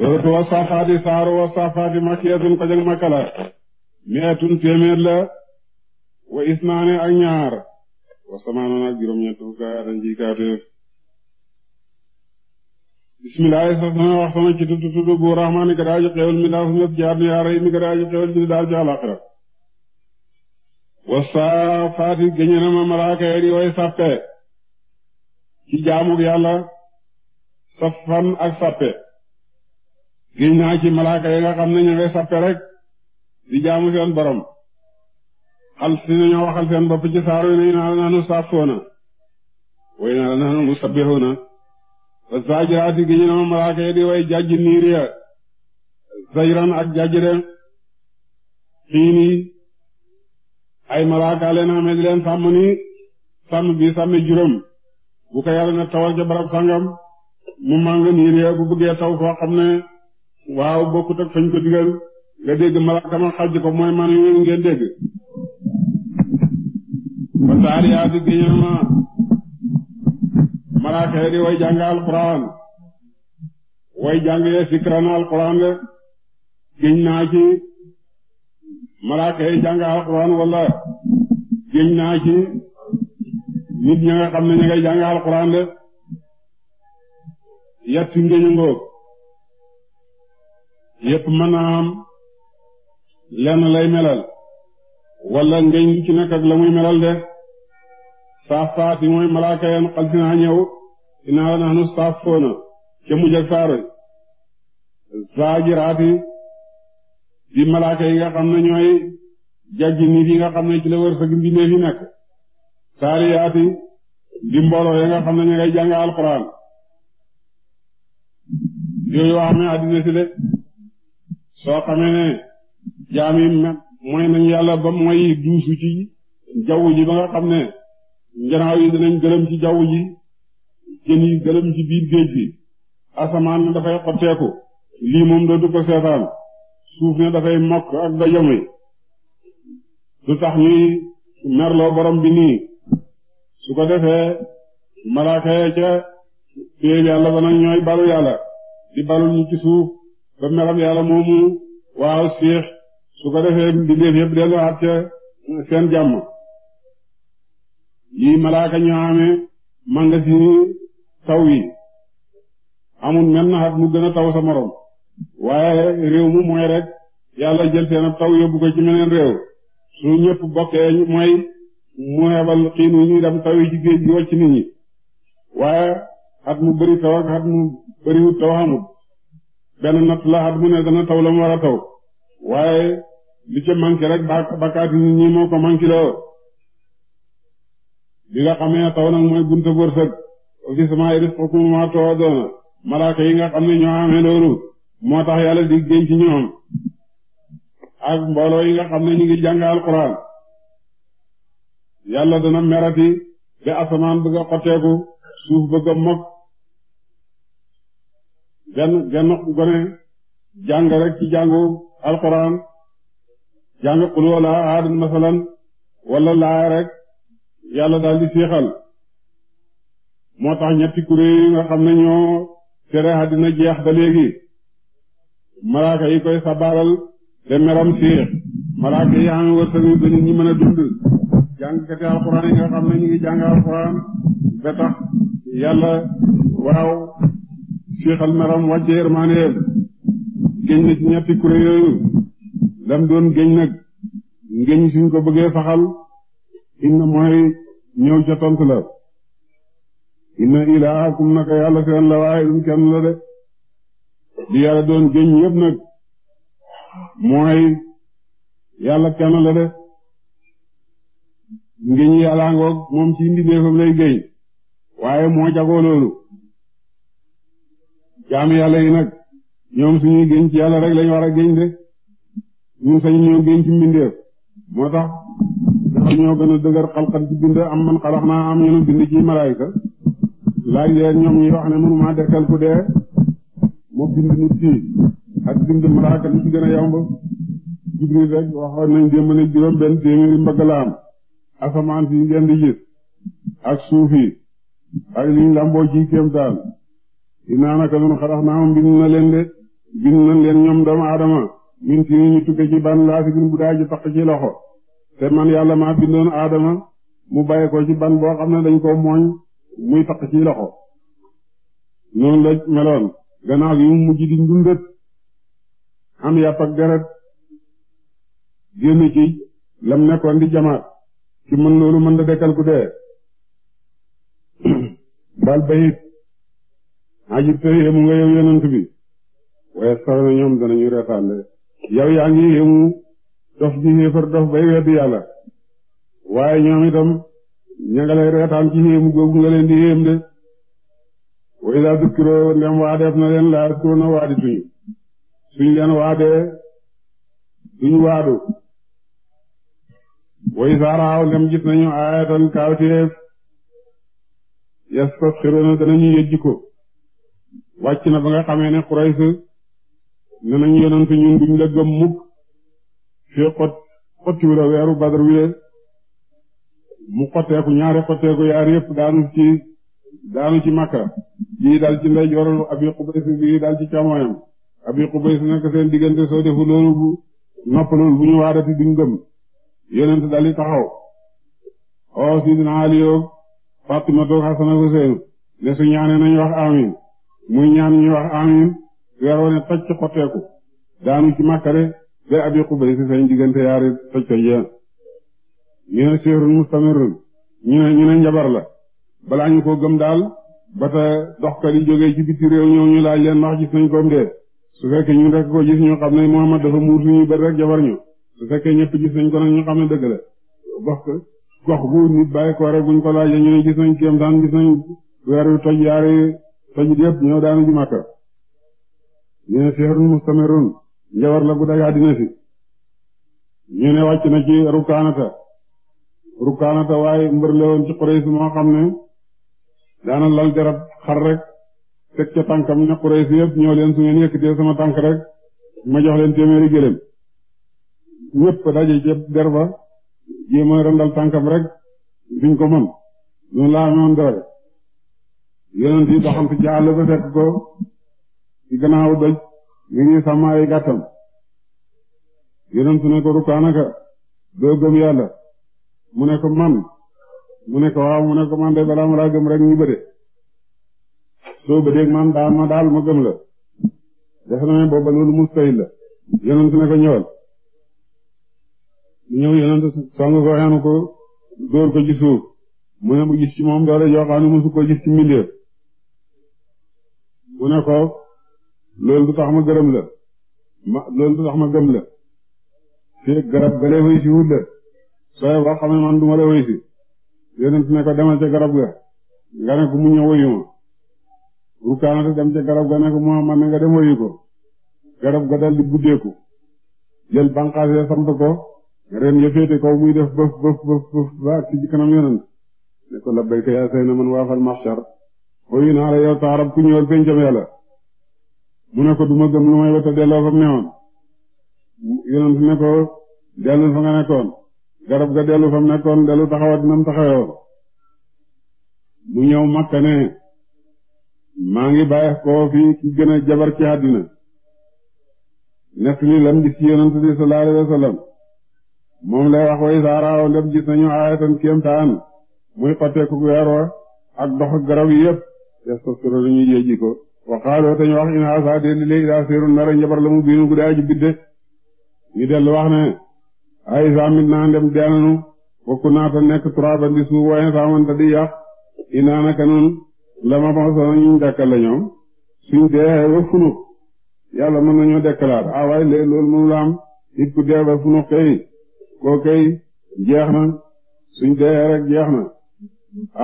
suratu wasafaati saaru wasafaati makiyatun ko jeg makka la mi'atun téeméer la wa isnaane ak ñaar wasamaanoon ak juróom-ñett fukk adan ji kaateef bismillahi sax sama wax sama ci tudd tudd bu rahmaani ka ak sàppe giñ naa ci malaaka yi nga xam ne ñu ngay sappe rek di jaamu seen borom xal si nañoo waxal seen bopp ci saaru ne naa la naanu saafoona way naa la naanu mu sabbihoona wa zaajiraati gi ne ma malaaka yi di way jajj niir ya zajran ak jajj de xiini ay malaaka leen xamee di leen sàmm ni sàmm bi sàmm juróom bu ko yàlla ne tawal ca barab sàngam mu màng niir ya bu bëggee taw foo xam ne waaw bokkut ak fañ ko digal nga dégg malaaka ma xaj ko mooy man yooyu ngeen dégg ba saariyaa di géñama malaaka yi di way jàng alxuraan way jàng yee sikran alxuraan la géñ ci malaaka yi jàng alxuraan wala géñ ci nit ña nga xam ne ña ngay jàng alxuraan la yett ngéñu ngoog yépp mën naa am lenn lay melal wala ngeen li ci nekk ak la muy melal de saaf saaf yi mooy malaaka yan xal ñëw dinaa nax nu saaf foona ca mujj ak saaroy saajiraati di malaaka nga xam ne ñooy jajji nit yi nga xam ne ci la wërsëg mbindeef yi nekk saariyaati di mbooloo nga xam ne ñu ngay jàng alxuraan yooyu waa amee si de soo xamee ne jaam yi mooy nañ yàlla ba mooy duusu ci jaww ji ba nga xam ne njanaaw yi dinañ gëlëm ci jaww ji jën yi gëlëm ci biir géej bi asamaan ne dafay xotteeku lii moom doo du seetaan suuf ne dafay mokk ak ba yëngu lu tax ñuy merloo borom bi nii su ko defee malaaka ca téye yàlla ba nag ñooy balu yàlla di balu ñu ci suuf. ba melam yàlla moomu waaw siix su ko defee mbindeef yëpp dellu at seen jàmm yi malaaka ñu amee mangasini taw yi amul menn at mu gën a taw sa morom waaye réew mu mooy rek yàlla jël seen taw yóbbu ko ci meneen réew su ñëpp bokkee mooy mu hebal xiin ñuy dem taw ci géej gi wàcc nit ñi waaye at mu bëri taw ak mu bëriwut taw xamul benn natt laxat mu ne dana taw la mu war a taw waaye li ca manqué rek ba bakkaati nit moo ko manqué loo li nga xamee taw nag mooy bunta wërsëg ofisement yi def ko kuma too doona malaaka yi nga xam ne ñoo amee loolu moo tax yàlla di génn ci ñoom ak mbooloo yi nga xam ne ñu ngi jàng alxuraan yàlla dana merati ba asamaan bëgg a xotteeku suuf bëgg a mokk benn benn gone jàng rek ci jàngu alxuraan jàng xuloo laa aadun masalan wala laa rek yàlla daal di séexal moo tax ñetti kuréel yi nga xam ne ñoo tere àddina jeex ba léegi malaaka yi koy sabaalal te meram séex malaaka yi xam wërsëg ba nit ñi mën a dund jàngkati alxuraan yi nga xam ne ñu jàng alxuraan ba tax yàlla waaw fiixal meram wàcce yërmaaneem géñ na ci ñetti kuré yooyu doon géñ nag ngéñ suñ ko bëggee faxal inna mooy ñëw ca tontu la inna ilaakum naka yàlla seen la waaye dum kenn la de di yàlla doon géñ yépp nag mooy yàlla kenn la de ngéñ yàlla ngoog moom ci indi déefam lay géñ waaye moo jagoo loolu jaami yàlla yi nag ñoom suñuy génn ci yàlla rek lañu war a de ñun sañ ñoo génn ci mbindeef moo tax dafa ñoo gën a dëgër xalxal ci bind am man xalax naa am ñunu bind ci malaayika laaj leen ñoom ñuy wax ne mënuma dekkal ku dee moo bind nit kii ak bind malaaka ci gën a yomb jibril rek waxoon nañ démb ne juróom benn téeméeri mbagg la asamaan si ngeen di ak suuf yi ak liñ lamboo ci kéemtaan dinaa naka nun xadax naa moom bind na leen de bind na leen ñoom doomu aadama min si ñu tukke ci ban laafikin bu daay ji taq ci loxo te man yàlla maa bindoon aadama mu bàyyi ko ci ban boo xam ne dañ ko mooñ muy taq ci loxo noonu la meloon gannaaw gi mu mujj di ndundat am yàpp ak génn ci lam nekkoon di jamaat ci mën loolu mën da dekkal ku dee bal bayit aji te yemu nga yow yonent bi waaye sax na ñoom danañu reetaande yow yaa ngi yemu dof ji xéefar dof bay weddi yàlla waaye ñoom itam ña reetaan ci yemu googu nga leen di yem de way laa dukkiroo ndem waadeef na leen laa askiroo na waadi tuñu suñ leen waadee duñ waadu way saaraaw ndem gis nañu aayatan kaawteef yastasxiroona danañu yëjji ko wàcc na ba nga xamee ne Quraysh ne nañ yonent ñun duñ la gëm mukk fii xot xotti weeru Badr wi mu xotteeku ñaari xotteeku yaar yëpp daanu ci daanu ci Makka bii daal ci ndey jooral Abi Qubays bii daal ci càmmoñam Abi Qubays nekk seen diggante soo defu loolu bu noppalul bu ñu waarati duñ gëm yonent daal di taxaw oo Sidina Ali yoog Fatima toog Hasan ak Husayn ne su ñaanee nañ wax amin muy ñaan ñuy wax amin weer wone toj ci xotteeku daanu ci màkkale be abi xubay si seen diggante yaari toj toj ya la balaa ñu ko daal ba te doxkat yi jógee ci biti réew ñëw ñu laaj leen ndax gis nañ koom dee ko gis ko la toj yaari tojit yëpp ñëw daanu ji Makka ñu ne sihrun mustamirun njawar la gu daj si ñu ne wàcc na ci rukaanata rukaanata waaye mbër la woon ci Quraysh moo xam ne daana lal garab xar rek teg ca tànkam ne Quraysh yëpp ñëw leen su ngeen yëkkatee sama tànk rek ma jox leen téeméeri gëléem ñëpp daje ca der ba jéem a randal tànkam rek duñ ko mën noonu laa amoon dara yonent yi doxal ci àll ba fekk ko ci gannaaw doj mi ngi sàmm ay gàttam yonent ne ko rukkaanaka doo gëm yàlla mu nekk man mu ne ko waaw mu ne man de balaa gëm rek ñu bëde soo bëdeeg man daal ma daal ma gëm la def na ne mustahil la yonent ne ñëwal mu ñëw yonent song ko xeenu ko dóor ko ci suuf mu ne mu gis ci moom doole joo xam ne gis ci mbindeef mu ne ko loolu du tax ma gërëm la ma du tax ma gëm la fii garab galee wëy si wut la sooy boo xam man du la wëy si yonent ne ko demal ca garab ga nga ne ko mu ñëw wëyu ma rukkaanate dem ca garab ga ne ko Muhammad ne nga dem wëyu ko garab ga dal di buddeeku jël banqaas ya ko ren ya kaw muy def bëf bëf bëf ba ak ci kanam yonent ne ko labbayka yaa sayna man waafal mahshar wayu naa la yow taarab ku ñëwal pencam yàlla mu ne ko du gëm lu may wata delloo fa mu newoon yonent ne ko dellu fa nga nekkoon garab ga dellu fa mu nekkoon dellu taxawat nam taxawewoon mu ñëw makka ne maa ngi bàyyi koo fi ki gën a jabar ci àddina nett li lam gis ci yonent bi sallallahu alayhi wa moom lay wax way saaraaw ndem gis nañu aayatan kéemtaan muy xotteeku weer wa ak dox garab yépp yastaskiru ñu yeeji ko wa qaaloo tañ wax in haasa dee léegi daa seerun nara njabar la mu biinu gu daa ji ñu dellu wax ne ay saamit naa ndem daananu bokku naa ta nekk turaaban di suuf waaye saaman ta di yàq inaa naka nun ma soona ñu dekkal la ñoom suñ dee ba funuk yàlla mën nañoo dekkalaat ah waaye léegi loolu mënu la am ku dee ba funuk kay koo jeex na suñ dee rek jeex na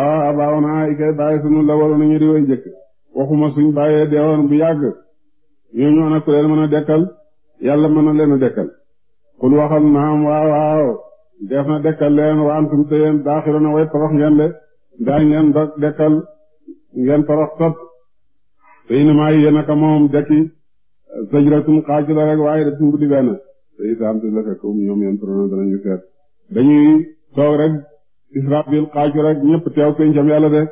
ah abaawonaa ikay bàyyi sunu la waroon ñu di way jëkk waxuma suñ bàyyee deewoon bu yàgg ñooñu ana ku leen mën a dekkal yàlla mën na leen a dekkal kul waxal naam waaw waaw def na dekkal leen waantum te yéen daaxiro na way torox ngeen de daa ngeen dog dekkal ngeen torox tot te inamaa yéen aka moom dekki sajratum xaaju la rek waaye da tumbu di benn te itam te la fekk um ñoom yeen torox na danañu seet dañuy toog rek Israfil xaaju rek ñëpp teew pencam yàlla de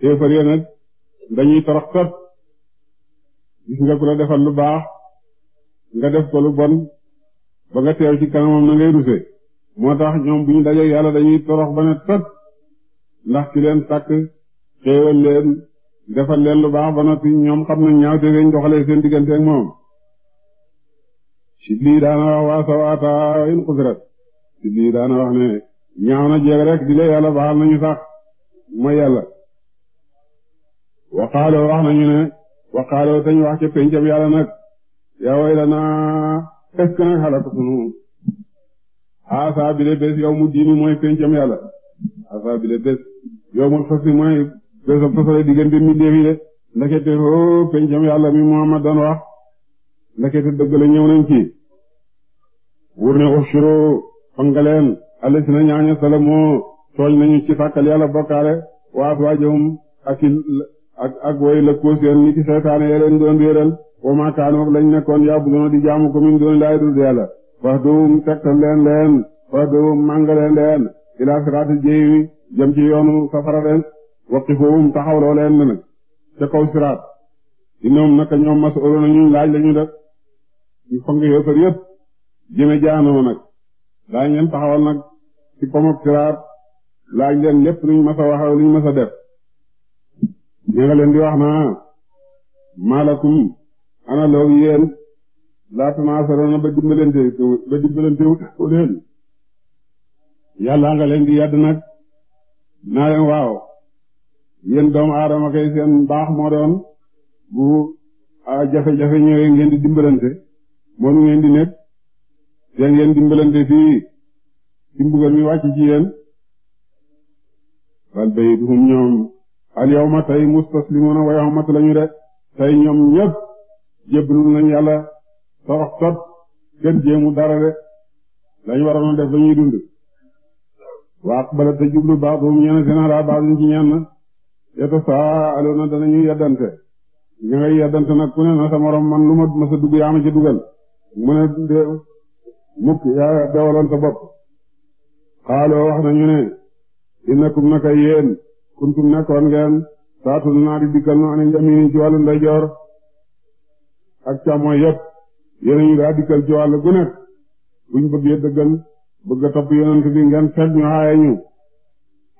kéefar ya nag dañuy torox tot gis nga ku la defal lu baax nga def ko lu bon ba nga teew ci kanamam na ngay ruse moo tax ñoom bu ñu dajee yàlla dañuy torox ba ne tot ndax ki leen sàkk xéewal leen defal leen lu baax ba noppi ñoom xam nañ ñaaw te doxalee seen diggante ak moom ci lii daana wax waa in xusirat ci lii daana wax ne ñaaw na jeeg rek di la yàlla baal nañu sax mooy yàlla waqaaloo wax nañu ne waqaaloo tañ wax ca pencam yàlla nag yaa way naa est-ce que nag xalaat sunu asa bi la bés yow mu diini mooy pencam yàlla asa bi la bés yow mu fas mooy bésam fasale diggante mi déefi de ndekete hoo pencam yàlla mi Muhammad dan wax ndekete dëgg la ñëw nañ ci wur ne uxsiro fangaleen allasina ñaaña salamoo tooñ nañu ci sàkkal yàlla bokkaale waa faajahum ak ak ak way lëkkoo seen ni seytaane ya leen doon réeral wa ma kaanu ak lañ nekkoon yàbbu doona di jaamu ko min doon laay dul yàlla fax doowum tegtal leen leen fax doowum màngaleen leen ilaa siraati jéewi jëm ci yoonu safara leen waqifoowum taxawloo leen nag ca kaw siraat dinoom naka ñoom mas'uloona ñuñ laaj lañu def ñu fang yéefar yépp jëme jaanoo nag daañ leen taxawal ci pomok siraat laaj leen lépp lu ñu mas a waxaw lu def ña nga leen di wax naa maalakum ana loo yéen laa tanaasaroona ba dimbalante ba dimbalante wu leen yàlla nga leen di yàdd nag naa leen jafe-jafe ñëwee ngeen di dimbalante moom ngeen di nekk seen ngeen dimbalante fii ci mbugal mi wàcc ci yéen bal bayduhum ñoom al yawma tey mustaslimuna wa yawmat lañu de tey ñoom ñëpp jébbalu nañu yàlla torox tot gën jéemu dara de lañu waroon def ba ñuy dund waa bala te jublu baaduhum ñeen seen alaa baaduñ ci ñeen yeta saa aloona danañu yeddante ña ngay yeddante nag ku ne na sa morom man lu ma ma sa dugg yaa ci dugal mu ne de mukk yaa dawaloon sa bopp xaaloo wax nañu ne innakum naka yéen kuntum nekkoon ngeen saatu naa di dikkal nu ani ci wàllu ndeyjoor ak càmmooy yépp yéen ñu daa dikkal ci wàllu gu nekk buñ bëggee dëggal bëgg a topp yonent bi ngeen fekk ñu xaaye ñu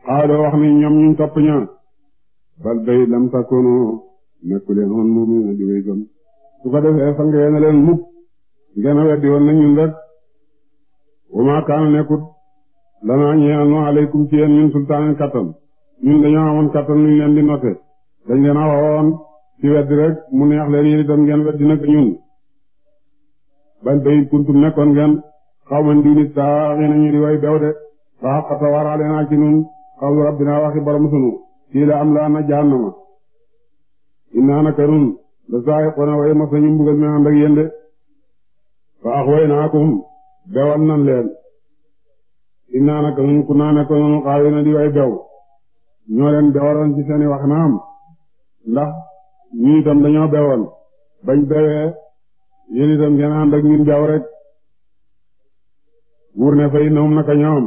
xaaloo wax nañ ñoom ñu topp ña bal day lam nekku leen woon moom ñu di wéy su ko defee fa ngeen leen mukk ngeen weddi woon na ñun rek wa maa kaana nekkut lanaa ñeel nu aleykum ci yéen min sultaanin kattan ñun dañoo amoon kattan luñ leen di note dañ leen a waxoon ci weddi rek mu neex leen yéen itam ngeen weddi nag ñun bal bay kuntum nekkoon ngeen xaw ndiini saa xëy na ñu di way bew de waa xata naa ci nun xawlu rabbinaa waxi borom sunu kii la am la ana jahannama innaa naka nun la saayiqoona way mos nañu mbugal mi ànd ak yéen de fa axwaynaakum bewal nan leen inna naka nun kunna naka nun xaawina di way bew ñoo leen bewaloon ci seeni wax naam ndax ñun itam dañoo bewoon bañ bewee yéen itam ngeen ànd ak ñun bew rek buur ne fa innahum naka ñoom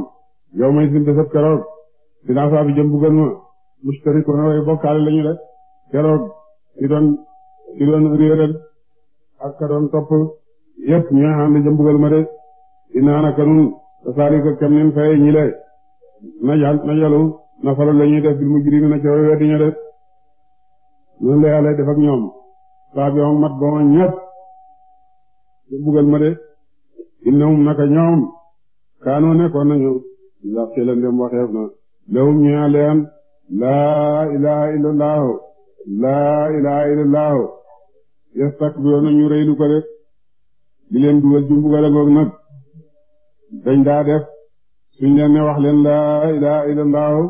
yow may sin bésab keroog dinaa saabi jëm buggal ma mustarikoona way bokkaale lañu rek keroog ki doon ki doon réeral ak ka doon topp yépp ñoo ànd jëm buggal ma de inna naka nun kasaalika kam nin fay ñi le najal najalu na faral la ñuy def bil mujrimina ca weddi ña def noonu la yàlla def ak ñoom saa bi mat ba ma ñett su bugal ma de innahum naka ñoom kaanoo nekkoon nañu ndax ci dem waxeef na lawum ñuya leen laa ilaha illallahu laa ilaha illallahu yastakbiroona ñu rëylu ko de di leen dugal ci mbugal nag dañ daa def suñ leen wax leen laa ilaaha illallaahu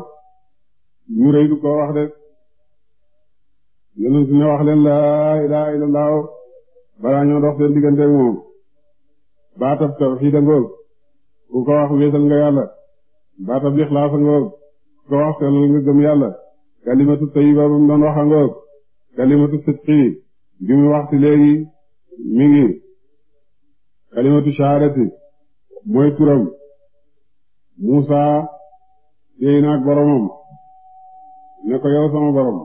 ñu rëy du ko wax de yonent ne wax leen laa ilaaha illallaahu balaa ñoo dox seen diggante moom baatab tawxiid a ku ko wax wéetal nga yàlla baatab lixlaas a ngoog ku ko wax sellal nga gëm yàlla kalimatu tayyiba ba mu doon wax a kalimatu sidqi bi mu waxti léegi mi ngi kalimatu shahaadati mooy turam Musa yey naag boromam ne ko yow sama borom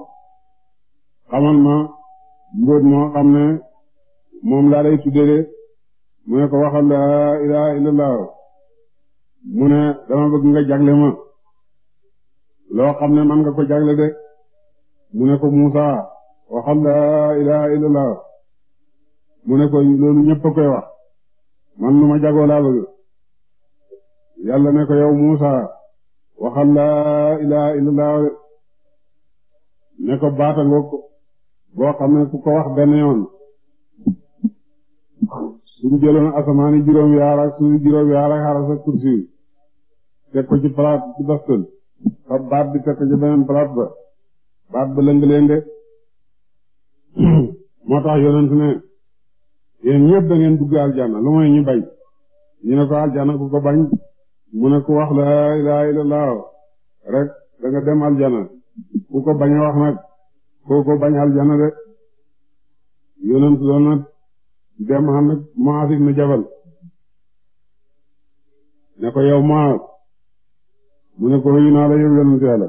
xamal ma mbóot moo xam ne moom laa lay tuddee mu ne ko waxal laa ilaaha illallah mu ne dama bëgg nga jagle ma loo xam ne man nga ko jagle de mu ne ko Musa waxal laa ilaaha illallah mu ne ko loolu ñëpp a koy wax man lu ma jagoo laa bëgg yàlla ne ko yow Muusa waxal laa ilaaha illallah ne ko baata ngoog boo xam ne ku ko wax benn yoon suñu jëloon asamaani juróom yaar ak suñu juróom yaar ak xaras ak kursi teg ko ci palaat ci baston fa baat bi teg ci beneen palaat ba baat ba lëng-lëng de moo tax yonent ne yéen ñëpp da dugg aljanna lu mooy ñu bañ ñu ne ko aljanna ku ko bañ mu ne ku wax laa ilaaha illallah rek da dem aljana ku ko bañ aljana de yonent doon dem xam nag Muaz Jabal ne ko yow Muaz mu ne ko xëy la yow yonent Yàlla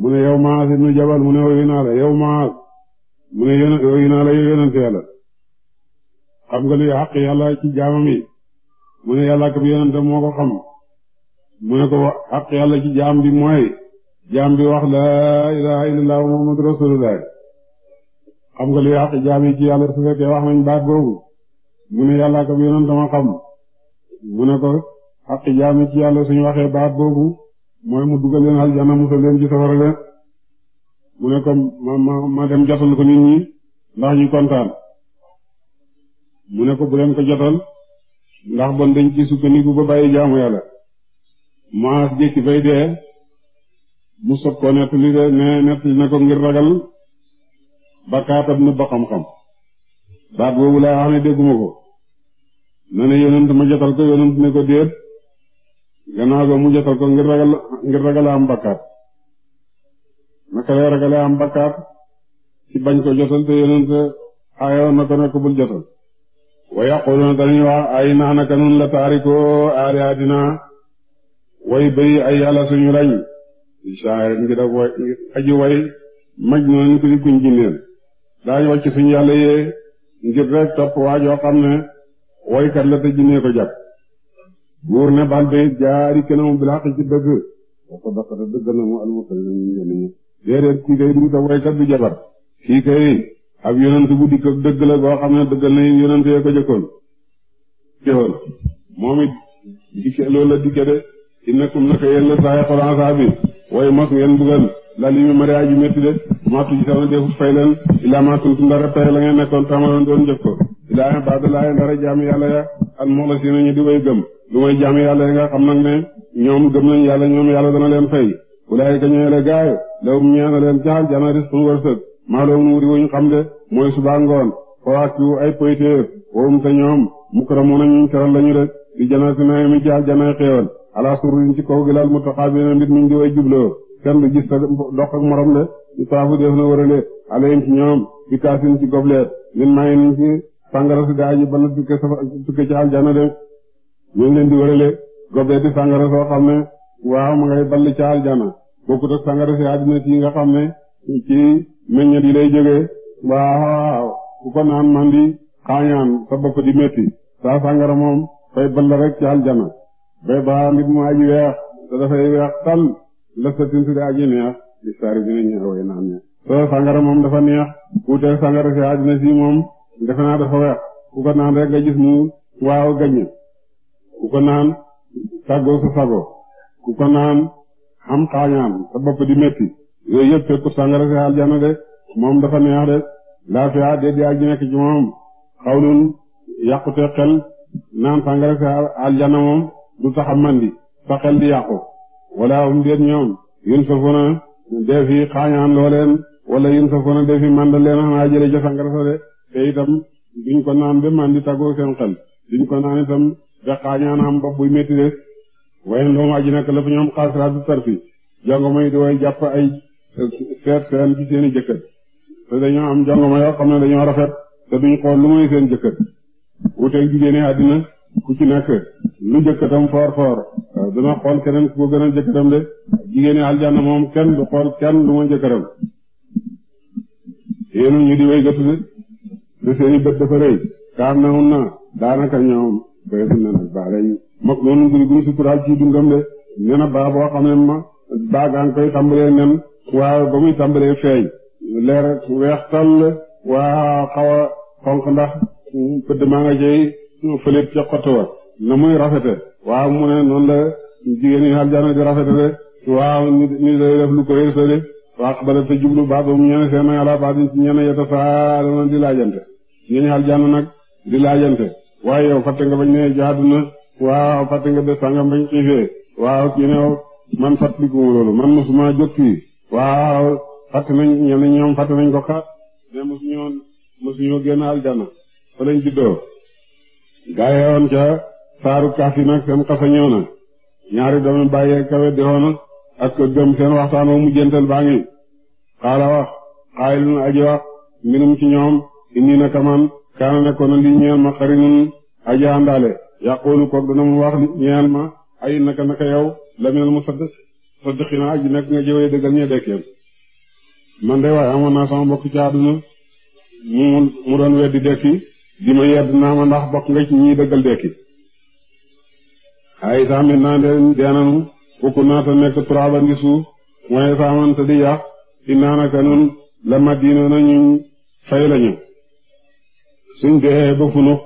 mu ne yow Muaz ibn Jabal mu ne xëy naa mu ne yónn yonent Yàlla xam nga luy xaq yàlla ci jaamam yi mu ne yàlla ak yonent moo ko xam. mu ne ko xaq yàlla ci jaam bi mooy jaam bi wax laa ilaha illallah muhammadu rasulullah xam nga li xaq ci yàlla su fekkee wax nañ baat boobu mu ne yàlla ko xam mu ne xaq jaam yi ci yàlla suñu waxee baat boobu mooy mu dugal leen aljanna musal leen ci safara mu ne ko ma ma dem jotal ko nit ñi ndax ñu kontaan mu ne ko bu leen ko jotal ndax bon dañ ci sukkandiku ba bàyyi jaamu yàlla Muaz jékki bay dee mu soog koo nettali ne nettali ko ngir ragal bakkaatab na ba xam-xam baat boobu laa wax ne dégguma ko na yonent ma jotal ko yonent ne ko déet gannaaw mu jotal ko ngir ragal ngir ragal am bakkaat lay ragale am bakkaat ci bañ ko jotal te yonent aayoon na ko ne bul jotal wa yaquluna dañuy wax ay naanaka nun la taarikoo aali adina way bëri ay yàlla suñu lañ saayir ngi daf way aji way maj noonu ko di kuñ jindéen daañ wàcc suñu yàlla yee ngir rek topp waajoo xam ne waykat la te jinnee ko jàpp buur ne bal bayit jaari kanamu bilaax ci dëgg wa sadaqa te dëgg na mu almursaliin ñu ngeen ñi déedéet kii kay du ta dëgg la boo xam ne dëggal na yonent yee ko jëkkoon joxoon moom it dikke loolu la dikke de innakum naka yéen la saa yaqul asaabi way mos ngeen bugal la li mi mari aju métti de matu ci sama defut fay leen ilaa ma kuntum dara pay la ngeen nekkoon tamaloon doon jëf ko ilaa ibadallah dara jaami yàlla ya al muxlasina ñu di way gëm lu may jaami yàlla ya nga xam nag ne ñoom gëm nañ yàlla ñoom yàlla dana leen fay ulaayika ñooy la gaay lawum ñee na leen jaal jana ris suñu wërsëg maa loom wuri wuñu xam de mooy suba ngoon fawaakihu ay poytéef wowum te ñoom ala sururin ci kaw gilal mutaxaabina nit ñu ngi way jubloo kenn du gis sa dox ak morom de ci taafu def na wërale alayhim ci ñoom ci kaasin ci gobleet min maa ngi sàngara si daa ji bana tukke sa tukke ci aljana de ñu leen di wërale gobleet di sàngara soo xam ne waaw ma ngay ball ci aljana bokkut sàngara si àddina ci nga xam ne ci meññet yi lay jógee waaw ku ko naan man di xaañaan sa bopp di métti saa sàngara moom fay ball ci aljana ba baaraam bi mu aji weex te dafay weex tal lëfta tintu di aji neex di saari moom dafa neex wuuteel sangara si àddina si moom defe naa dafa weex di metti yooyu yëpp fekku sangara si aljana de moom dafa neex de laafiya de di aji nekk ci moom xawlun yàqute xel naan sangara si aljana moom du tax a mandi sa xel di yàqu wala um déet ñoom yun sa fona def yi xaañaan loo leen wala yun sa fona def yi manda leen xanaa jële ca sangara sa de te itam duñ ko naan ba mandi tagoo seen xel duñ ko naan itam ba xaañaan am bopp buy métti de wayen loo maa ji nekk la fa ñoom xaasiraatu tarfi jongo may di way jàpp ay seet seen ci seen i jëkkër te dañoo am jongo ma xam ne dañoo rafet te duñ xool lu muy seen jëkkër wuteeg jigéen àddina ku ci nekk lu jëkkatam foor foor dana euh, xool keneen ku ko gën a jëkkatam de jigéeni aljanna moom kenn du xool kenn lu ma jëkkëram yéen ñu di way gëtu de seeni bët dafa rëy kaar na hun na daanaka ñoom bay su ne nag baa lañ mag noonu guri guri ci dundam de nee na boo xam ma baa gaa ngi koy tàmbalee nen waaw ba muy tàmbalee feeñ leer weex waa xaw a xonq ndax pëdd maa nga jeey fële ca xott wa na muy rafete waaw mu ne noonu la jigéen yi aljana di rafete de waa ñu ñu day def lu ko yërsë de waa xabala te jublu baa boobu ñene seen yàlla baa di ñene yeta saa dana di laajante ñene aljana nag di laajante waaye yow fàtte nga bañ ne jaadu na waaw fàtte nga bés sangam bañ xiifee waaw ñu ne man fàttalikuma loolu man mosuma jóg fii waaw fàtte nañ ñene ñoom fàtte nañ ko xaat mais mosuñoo génn aljana fa lañ juddoo gaa yeewoon ca saaru kaafi nag seen xasa ñëw na ñaari doomi bàyyee kawe di hoona ak gëm seen waxtaan wa mujjantal baa ngi xaala wax xaayilun aji wax mbirum ci ñoom indi na kaman kaana nekkoon a li ñeel ma xarinun aji àndaale yaqulu koog dana mu wax li ñeel ma ay naka naka yow laminal musaddiqiina aji nekk nga jëwee dëggal ñee dekkeen man de waaye amoon naa sama mbokk ci àdduna mu mu doon weddi dekki li ma yedd naa ma ndax bokk nga ci ñi dëggal dekki ay saamit naa deen deenanu fukk naa te nekk turaaba ngi suuf mooy saaman te di yàq i naanaka nun la madina nañu fay lañu suñ dee ba funux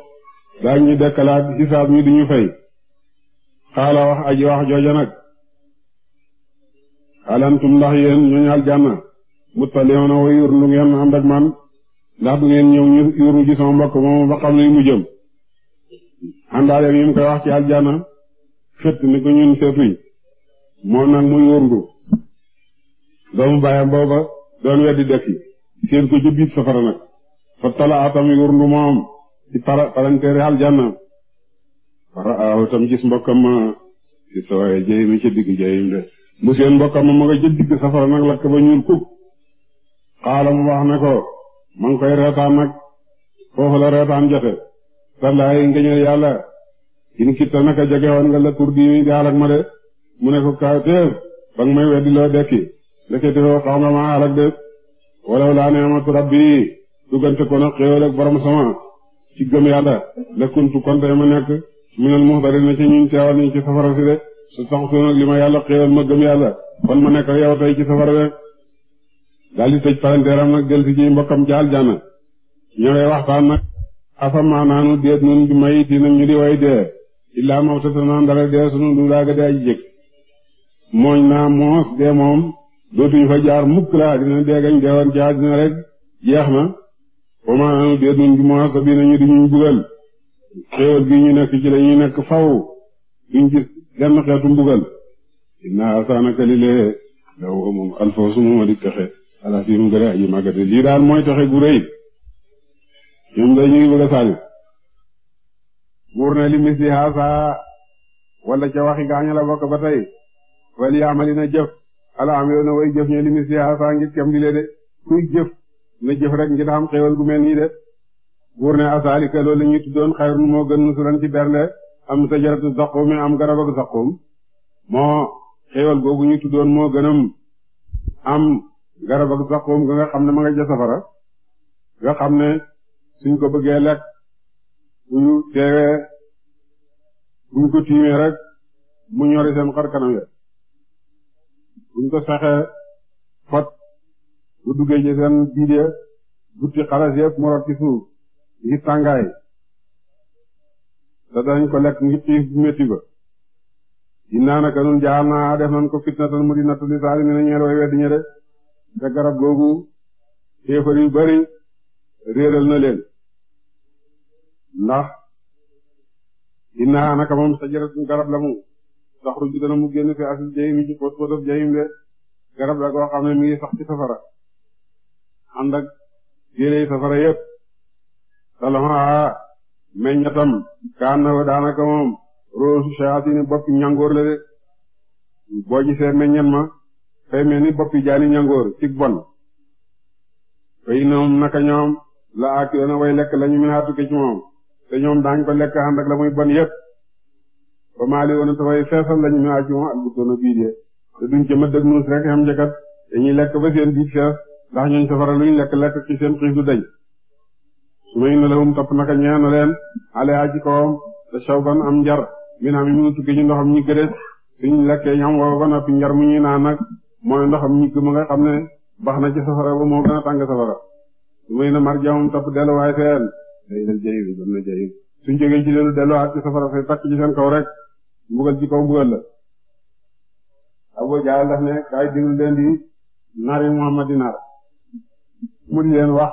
daa ñu dekkalaat xisaab ñi duñu fay xaala wax aji wax jooja nag xaalantum ndax yéen ñooñu aljanna muttaliyoona woyur lu ngeen ànd ak man ndax du ngeen ñëw ñu yóru ci sama mbokk moom ba xam ne mu jëm àndaale yi mu koy wax ci aljana fett ni ko ñun seetuñ moom nag muy wóorndu doomu bàyyam booba doon weddi dëkk yi seen ko jëbbiit safara nag fa tala atam wóorndu moom ci para palanteeri aljana waraaw tam gis mbokkam ma ci sooye jayim ci digg jayim de bu seen mbokkam ma ma nga jël digg safara nag lakk ba ñuul kub xaalam wax ne ko ma ngi koy reetaan nag foofu la reetaan jote sallaay ngëñël yàlla in kitta naka jege nga la tur di daalak ma de mu ne ko kaw teef ba may weddi loo dekki lekkete woo xaw nga ma alak de walaw laa neexamatu rabbi duggante ko nag xéewal ak borom sama ci gëm yàlla la kuntu konte ma nekk minal muhtadin ci ñun teewal ni ci safara si de su tax su nag li ma yàlla xéewal ma gëm yàlla kon ma nekk yow tey ci safara de daal di tëj palanteeram nag dellu si ci mbokkam ca aljana waxtaan nag afamaa naanu déet nun bi may dina ñu di way dee illaa mawtatana ndara dee sunu du laaga dee aji jëkk mooñ naa moos dee moom dootuñu fa jaar mukk laa dina dee gañ dee woon ca dina rek jeex na wamaa naanu déet nun bi moos sa bii nañu di ñuy bugal xéewal gi ñu nekk ci lañuy nekk faw duñ gis genn xeetu mbugal inna asaanaka lilee law moom alfawsu moom a di texe alasim gën a aji màggate lii daal mooy taxe gu rëy ñoom a saañu buur moo gën nusulan am am garab ak saxoom ga nga xam ne ma nga ja safara nga xam ne suñ ko bëggee lekk buñu teewee buñ ko tiimee rek mu ñori seen xar ya buñ ko saxee fot bu duggee ci seen biide butti xalas yëpp mu ci suuf ngir tàngaay te dañ ko lekk ngir xiif bu métti ba innaa naka nun jaal def nañ ko fitnatan mu di nattu li saalimiina ñeel way weddi ñe da garab googu xéefar yu bari réeral na leen ndax innaha naka moom sajaratun garab la mu taxruju dana mu génn fi asil jahim ci pot potof jahim de garab la goo xam ne mi sax ci safara ànd ak safara yépp talaha meññatam kaan na daanaka moom roosu shayaatini bopp ñangoor la de boo gisee meññan ma fay mel ni bopp yi jaani ñangoor ci bon fay noom naka ñoom la aakiloona way lekk lañu min haatuke ci moom te ñoom daañ ko lekk ànd ak la muy bon yépp ba maali woona te way feesal lañu min haat ci moom albutoona biide te duñ jëma dëgg nuus rek xam njëkkat dañuy lekk ba seen biit fees ndax ñooñ safara luñ lekk lekk ci seen xiif du dañ su may na lawum topp naka ñeenu leen ale ci kawam te shawban am njar mi xam yi munu nag mooy ndoxam ñi ma nga xam ne bax na ci safara ba moo gën a tàng safara su may na mar jaamam topp delluwaay feen day dal ci delluwaat ci safara fay takk ci seen kaw rek mbugal ci kaw mbugal la Abu Jahl daf ne kaay déglu leen di nari Muhammad di nar mu di leen wax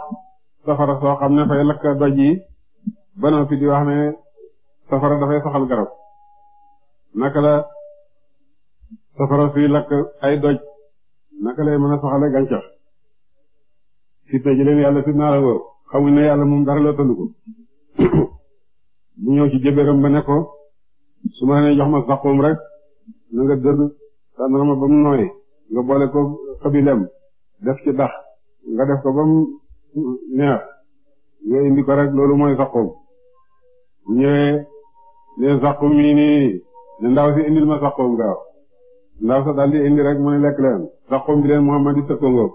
safara soo xam ne fay lakk doj yi ba noppi di wax ne safara dafay soxal garab naka la safara suy lakk ay doj naka lay mën a soxale gàncax fitna ji leen yàlla fitna la woo xamuñ ne yàlla moom dara la tënd ko mu ñëw ci jëbëram ba ne su ma nee jox ma saqum rek na nga dëdd tànn ma ko xëbi lem def ko ba mu neex nga indi ko rek loolu mooy saqum ñëwee ne saqum yi nii ne ndaw si indil ma saqum gaaw ndaw sa daldi indi rek mu ne lekk leen sax xom bi leen Muhammad yi sëkkoon nga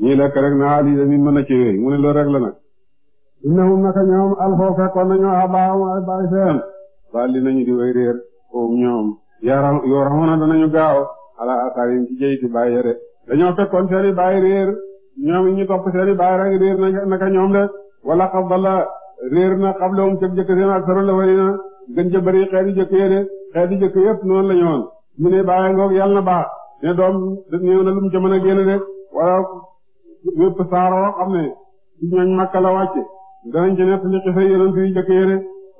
ñuy lekk rek na ali dañuy mën a ci wéy mu ne loolu rek la nag innahum naka ñoom alxoo fekkoon nañu abaahum ay baay seen daldi nañu di wéy ñoom yaram yoo raxoona dañoo fekkoon seeni baay réer ñu topp seeni baay rek réer na naka ñoom de wala xab dala la um cëb jëkk seen ak saro la wali na gën jëbëri xeeti xeeti jëkk yépp noonu lañu ñu ne bàyyi ngoog yàlla na baax ne doom néew na lu mu ca mën a génn rek wala wépp saaroo xam ne ci ñooñ Makka la wàcce danañ ci nekk li xisa yonent yi jëkk yére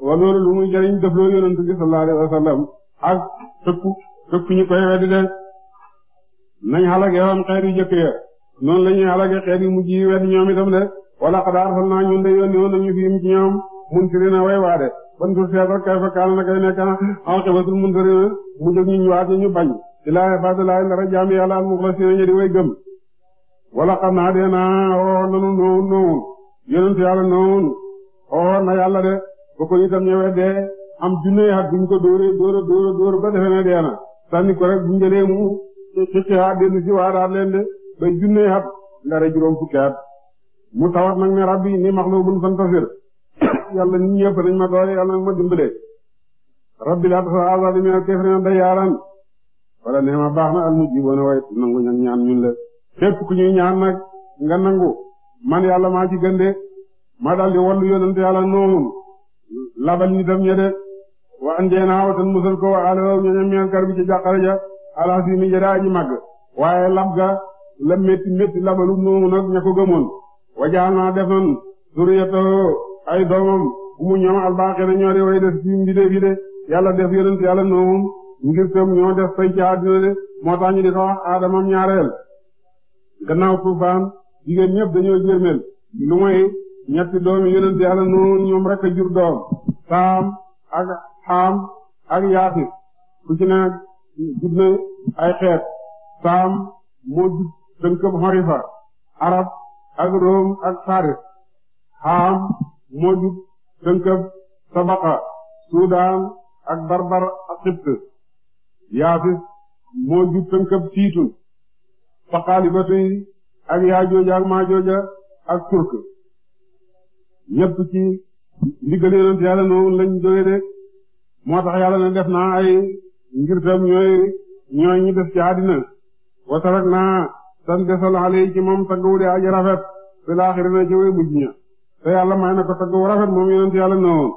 wala loolu lu muy jariñ defloo yonent bi sallallahu alayhi wa sallam ak tëkku tëkku ñu koy weddi de nañ xalage woon xeet yu jëkk ya noonu la ñuy mujj yi weddi ñoom itam de wala xadaar sal naa ñun de yónni woon nañu fi mu ci ñoom mun siri na way waa de ban su feebar kay fa kaal na kay nekk na aqibatul munzirina mu jóg ñu ñëwaat ñu bañ ilaa ibadillah lara jaam yàlla al mukhlasina ñi di way gëm wala xam naa dee naa oo nanu noowun noowun yonent yàlla noowun oo na yàlla de ba ko itam ñëwee dee am junne at buñ ko dóore dóore dóore ba defe ne dee na sànni ko rek buñ jëlee mu xiqi at dellu si waaraat leen de bay junne at nga re juróom fukki at yàlla nit ñëpp nañ ma doole yàlla nag ma dimbale rabbi laa tasaw azalimiina kafirin dayyaaran wala nee ma baax na al mujjiboona way nangu ñag ñaan ñun la képp ku ñuy ñaan nag nga nangu man yàlla maa ci gënde ma daal di wallu yàlla noonu labal ñi dem de wa andeena wa tan musal ko wa alaw ñoñam ñeen kar bi ci jàqare ja alasi mi jada aji màgg waaye lab ga la métti métti labalu noonu ña ko gëmoon wajaal naa def nan suriyatoo ay doomam umu ñoom albaaxina ñoo de way def ci mbindeef yi yàlla def yonent yàlla noomum ngir tëm ñoo def fay ci àddina de moo tax ñu di ko wax aadamam ñaareel gannaaw tuufaan jigéen ñëpp dañoo jërmel lu mooy ñetti doomi yonent yàlla noonu ñoom rek jur doom saam ak xaam ak yaasif ku ci ne jur na ay xeet saam moo jur dënkëb xorifa arab ak room ak faris xaam moo jub tënkëf sabaqa suudaan ak barbar ak xibt yaafis moo jub tënkëf siitun faqaalibatuy ak yaajooja ak maajooja ak turk ñépp ci ndigal yonent yàlla noonu lañ jóge moo tax yàlla ne def naa ay ngirtam ñooy ñooy ñi def ci àddina wa tarak naa tan desal alay ci moom tagg wu de aji fi laaxiri na ci way mujj ña te yàlla may na ko tagg wu rafet moom yonent yàlla noonu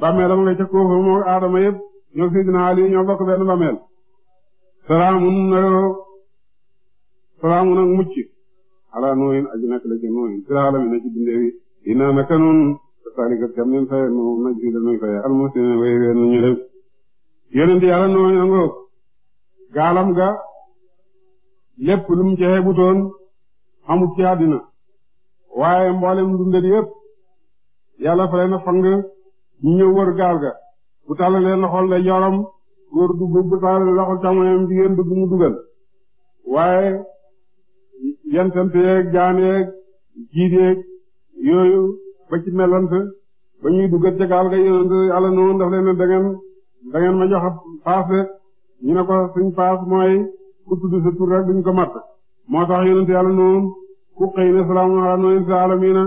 bàmmeelam nga ca koofa moom aadama yëpp ñoo Seydina Ali ñoo bokk benn bàmmeel salaamun na salaamun ak mucc ala nooyin aji nekk la ca nooyin fil aalamiina ci bindeewi inna naka noonu saalika kam nin faye nu naj fi danuy faye al muslimin way ween ñu def yonent yàlla nooyin angoog gaalam ga lépp lu mu ca xeebutoon amut ci àddina waaye mboolem dundal yépp yàlla fa leen fang ñu ñëw wër gaal ga bu tàllalee loxol la jorom góor dugg bu tàllalee loxol càmmoñam jigéen dugg mu dugal waaye yentant yeeg jaan yeeg jiit yeeg yooyu ba ci melant ba ñuy duggal ca gaal ga yonent yàlla daf leen da ngeen ma jox paas rek ñu ne ko suñ paas mooy ku tudd sa tur rek duñ ko matt moo tax yonent yàlla ku a ne salaamun ala nooyin fil aalamiina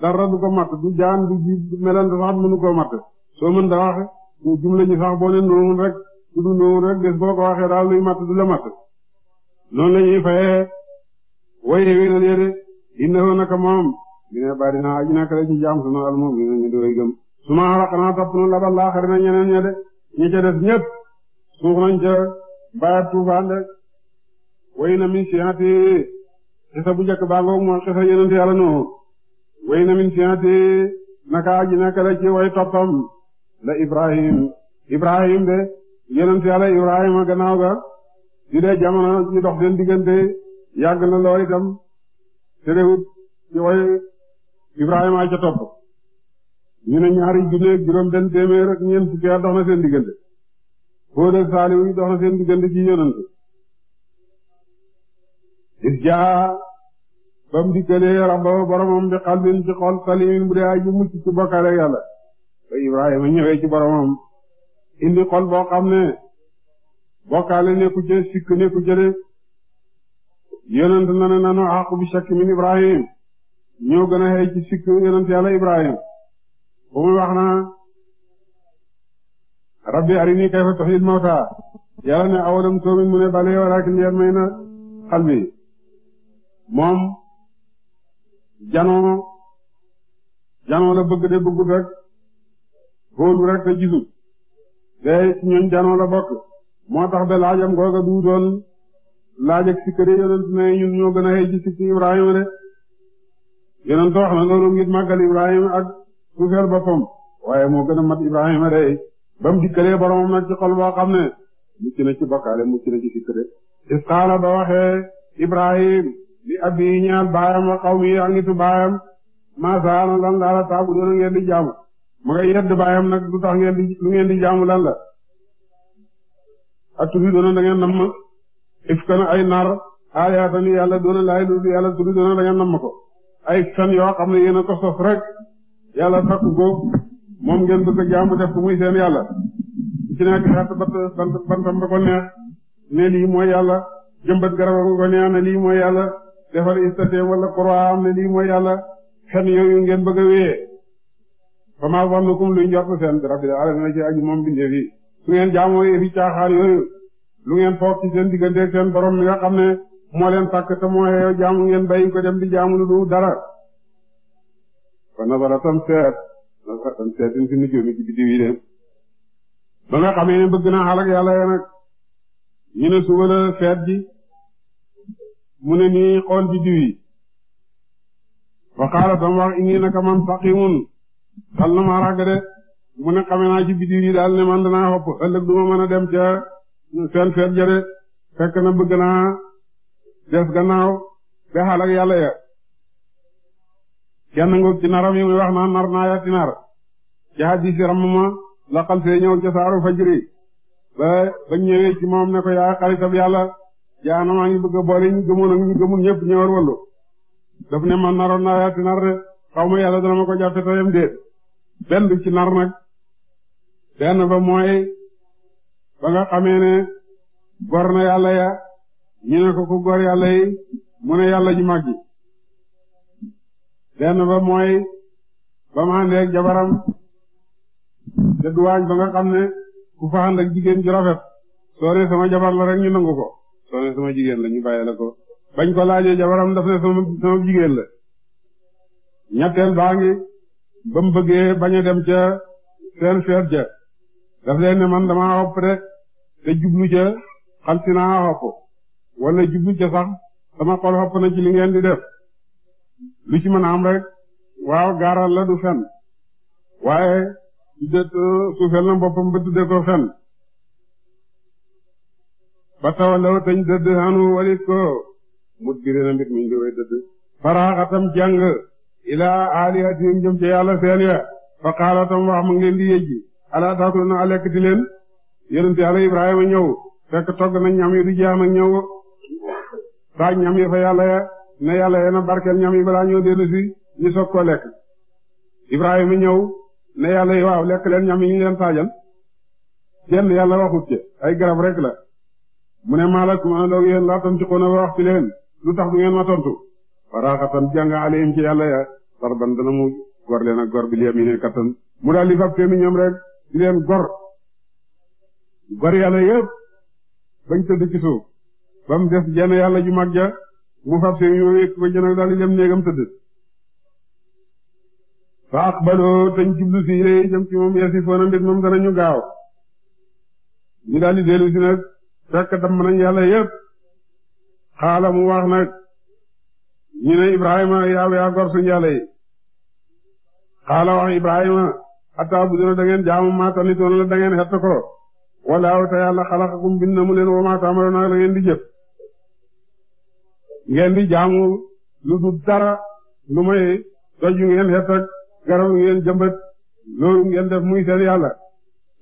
dara du ko mat du jaan du ji melante sax mënu koo mat soo mën da la mat la ñuy fayee way wéeral yéde inna hoo naka moom mi ne bari naa aji naka suux nañ ca mbayaat tuufaan de way na min siyaati xisa bu njëkk baa ngoog mooy xisa yonent yàlla noohu way na min fiati naka aji nekk la ci way toppam la ibrahim ibrahim de yonent yàlla ibrahima gannaaw ga di dee jamono ci dox seen diggante yàgg na lool itam terewut ci way ibrahima ca topp ñu ne ñaari junne juróom benn téeméer ak ñeent fukki dox na seen diggante Huud ak Saaliw dox na seen diggante ci yonent is jaa ba mu dikkalee rabba boromam bi xalbin ci xol salimin bu dee aji mucc ci bokkaale yàlla ba Ibrahima ñëwee ci boromam indi xol boo xam ne bokkaale nekku ci sikk nekku ci de yonent na ne nanu àqu bi shakk min Ibrahim ñoo gën a xëy ci sikk yonent yàlla Ibrahim bu muy wax na rabbi arini kayfa tuhyil mawta yàlla ne awalam tu'min mu ne bale walaakin yarmayna qalbi moom janoo janoo la bëgg de bëggut rek góorlu rek te gisul te ñun janoo la bokk moo tax ba laajam googa duutoon laaj ak sikkëri yonent ne ñun ñoo gën a xëy ci sikki Ibrahima de yonent wax na loolu ngir màggal Ibrahima ak suufeel boppam waaye moo gën a mat Ibrahima de ba dikkalee boromam nag ci xol boo xam ne mucc na ci bokkaale mucc na ci sikkëri isqaala ba waxee Ibrahim li ab yi ñaal baayam wa xaw mi ak nitu baayam maasaana lan la ala taabu doon ngeen di jaamu ma nga yedd baayam nag lu tax ngeen di lu ngeen di jaamu lan la attu fi doona da ngeen namm ifkan ay yàlla doona laay lu yàlla turi doona da namm ko ay fen yoo xam ne yéen a ko sos rek yàlla sakku ko moom ngeen bëgg a jaamu def ko muy seen yàlla ci nekk xeet bat bant bantam ba ko neex ne lii mooy yàlla jëmbat garabam ko neex ne lii mooy yàlla defal istate wala croix am ne lii mooy yàlla fen yooyu ngeen bëgg a wéyee fa maa zannukum luy njort seen bi rabbil alamin ci aji moom bindee fi su ngeen jaamoo yëfi caaxaan yooyu lu ngeen foog ci seen digganteeg seen borom mi nga xam ne moo leen sàkk te moo xeeyoo jaamu ngeen bàyyi ko dem di jaamu lu du dara fa nazara tam seet nazara tam seet in fi nujjoomi ci biddiw ba nga xamee ne bëgg naa xalak yàlla ya nag ñu ne suba la feet ji mu ne nii xool bi diwi wa qaala tam wax inni naka man saqimun dal na ma ràgg de mu ne xame naa ci bidiw yi daal ne man danaa xopp ëllëg duma mën a dem ca seen feet ja de fekk na bëgg naa des gannaaw be xaal ak yàlla ya kenn ngoog ci naram yi muy wax naa nar naa yatti nar ci hadiisi ramma laqal see ñëw ca saaru fajri ba ba ñëwee ci moom ne ko yaa xaritab yàlla jaanam a ngi bëgg a boole ñu gëmoon ak ñu gëmul ñëpp ñëwar wallu daf ne man naroon naa yaati nar de xaw yàlla dana ma ko jàppe tayam déet benn bi ci nar nag benn ba mooy ba nga xamee ne gor na yàlla ya ñu ne ko ku gor yàlla yi mu ne yàlla ji mag ji benn ba mooy ba mu àndeeg jabaram te duwaañ ba nga xam ne ku fa jigéen ju rafet soo ne sama jabar la rek ñu nangu ko soo ne sama jigéen la ñu bàyyee la ko bañ ko laajee jabaram daf ne sama jigéen la ñetteel baa ngi ba mu bëggee bañ dem ca seen ja daf leen ne man damaa xopp rek te jublu ca xam si naa xopp wala jublu ca sax sama xol xopp na ci li ngeen di def lu ci mën a am rek waaw gaaral la du fen waaye suufeel na boppam ba tuddee ko fen ba tawallaw tañ dëdd hanu walit ko mudbirina mbir mi ngi way dëdd faraaxatam jàng ilaa aalihatim jëm ci yàlla seen ya fa qaalatam wax mu leen di yejji alaa taakuluna a lekk ti leen yonent yàlla ibrahima ñëw fekk togg na ñam yi du jeex nag ñëw taaj ñam yi fa yàlla ya ne yàlla ya na barkeel ñam yi balaa ñëw dellu si ñu soog lekk ibrahima ñëw ne yàlla yi waaw lekk leen ñam yi ñu leen taajal jenn yàlla waxut ci ay garab rek la mu ne maalakum àndoo ak yéen laa tantiqoona wax ci leen lu tax du ngeen ma tontu faraxatan jàng alayhim ci yàlla ya darban dana mu gor leen ak gor bi kattan mu daal fab seeni ñoom rek di leen gor gor yàlla yépp bañ tëdd ci suuf ba mu des jenn yàlla ju mag ja mu fab seeni ñoom yépp ba jën ak daal néegam tëdd fa aqbaloo tañ jublu si ilay jëm ci moom yasifoona mbir moom dana gaaw ñu daal dellu si nag fekk damm nañ yàlla yépp xaala mu wax nag ñu ne Ibrahima yaa yaa gor yàlla yi xaala wax Ibrahima ataa bu dina da ngeen jaamu maatani toon la da ngeen xett ko walaaw te yàlla xalaqakum bind na mu leen woo maataamalo nag la ngeen di jëf ngeen di jaamu lu du dara lu may doj ngeen xett garab ngeen jëmbat loolu ngeen def muy seen yàlla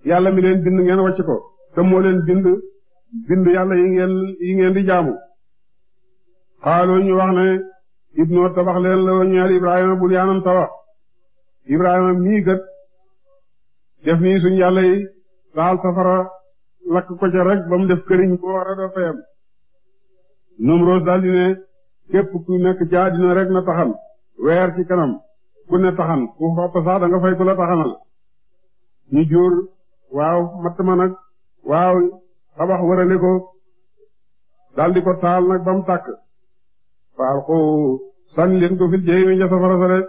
yàlla mi leen bind ngeen wàcc ko te moo leen bind bind yàlla yi ngeen yi ngeen di jaamu xaaloo ñu wax ne ibnoo tabax leen la woon ñeel Ibrahima bul yaanam tabax Ibrahima mii gët def nii suñ yàlla yi laal safara lakk ko rek ba mu def këriñ boo war a doo fayam Numroos daal di képp ku nekk ci àddina rek na taxan weer ci kanam ku ne taxan ku xopp sax da nga fay ku la taxanal ñu jur waaw matt ma nag waaw tabax wërale ko daldi ko taal nag bam tàkk faal ko sànni leen ko fil jeey mi safara sa rek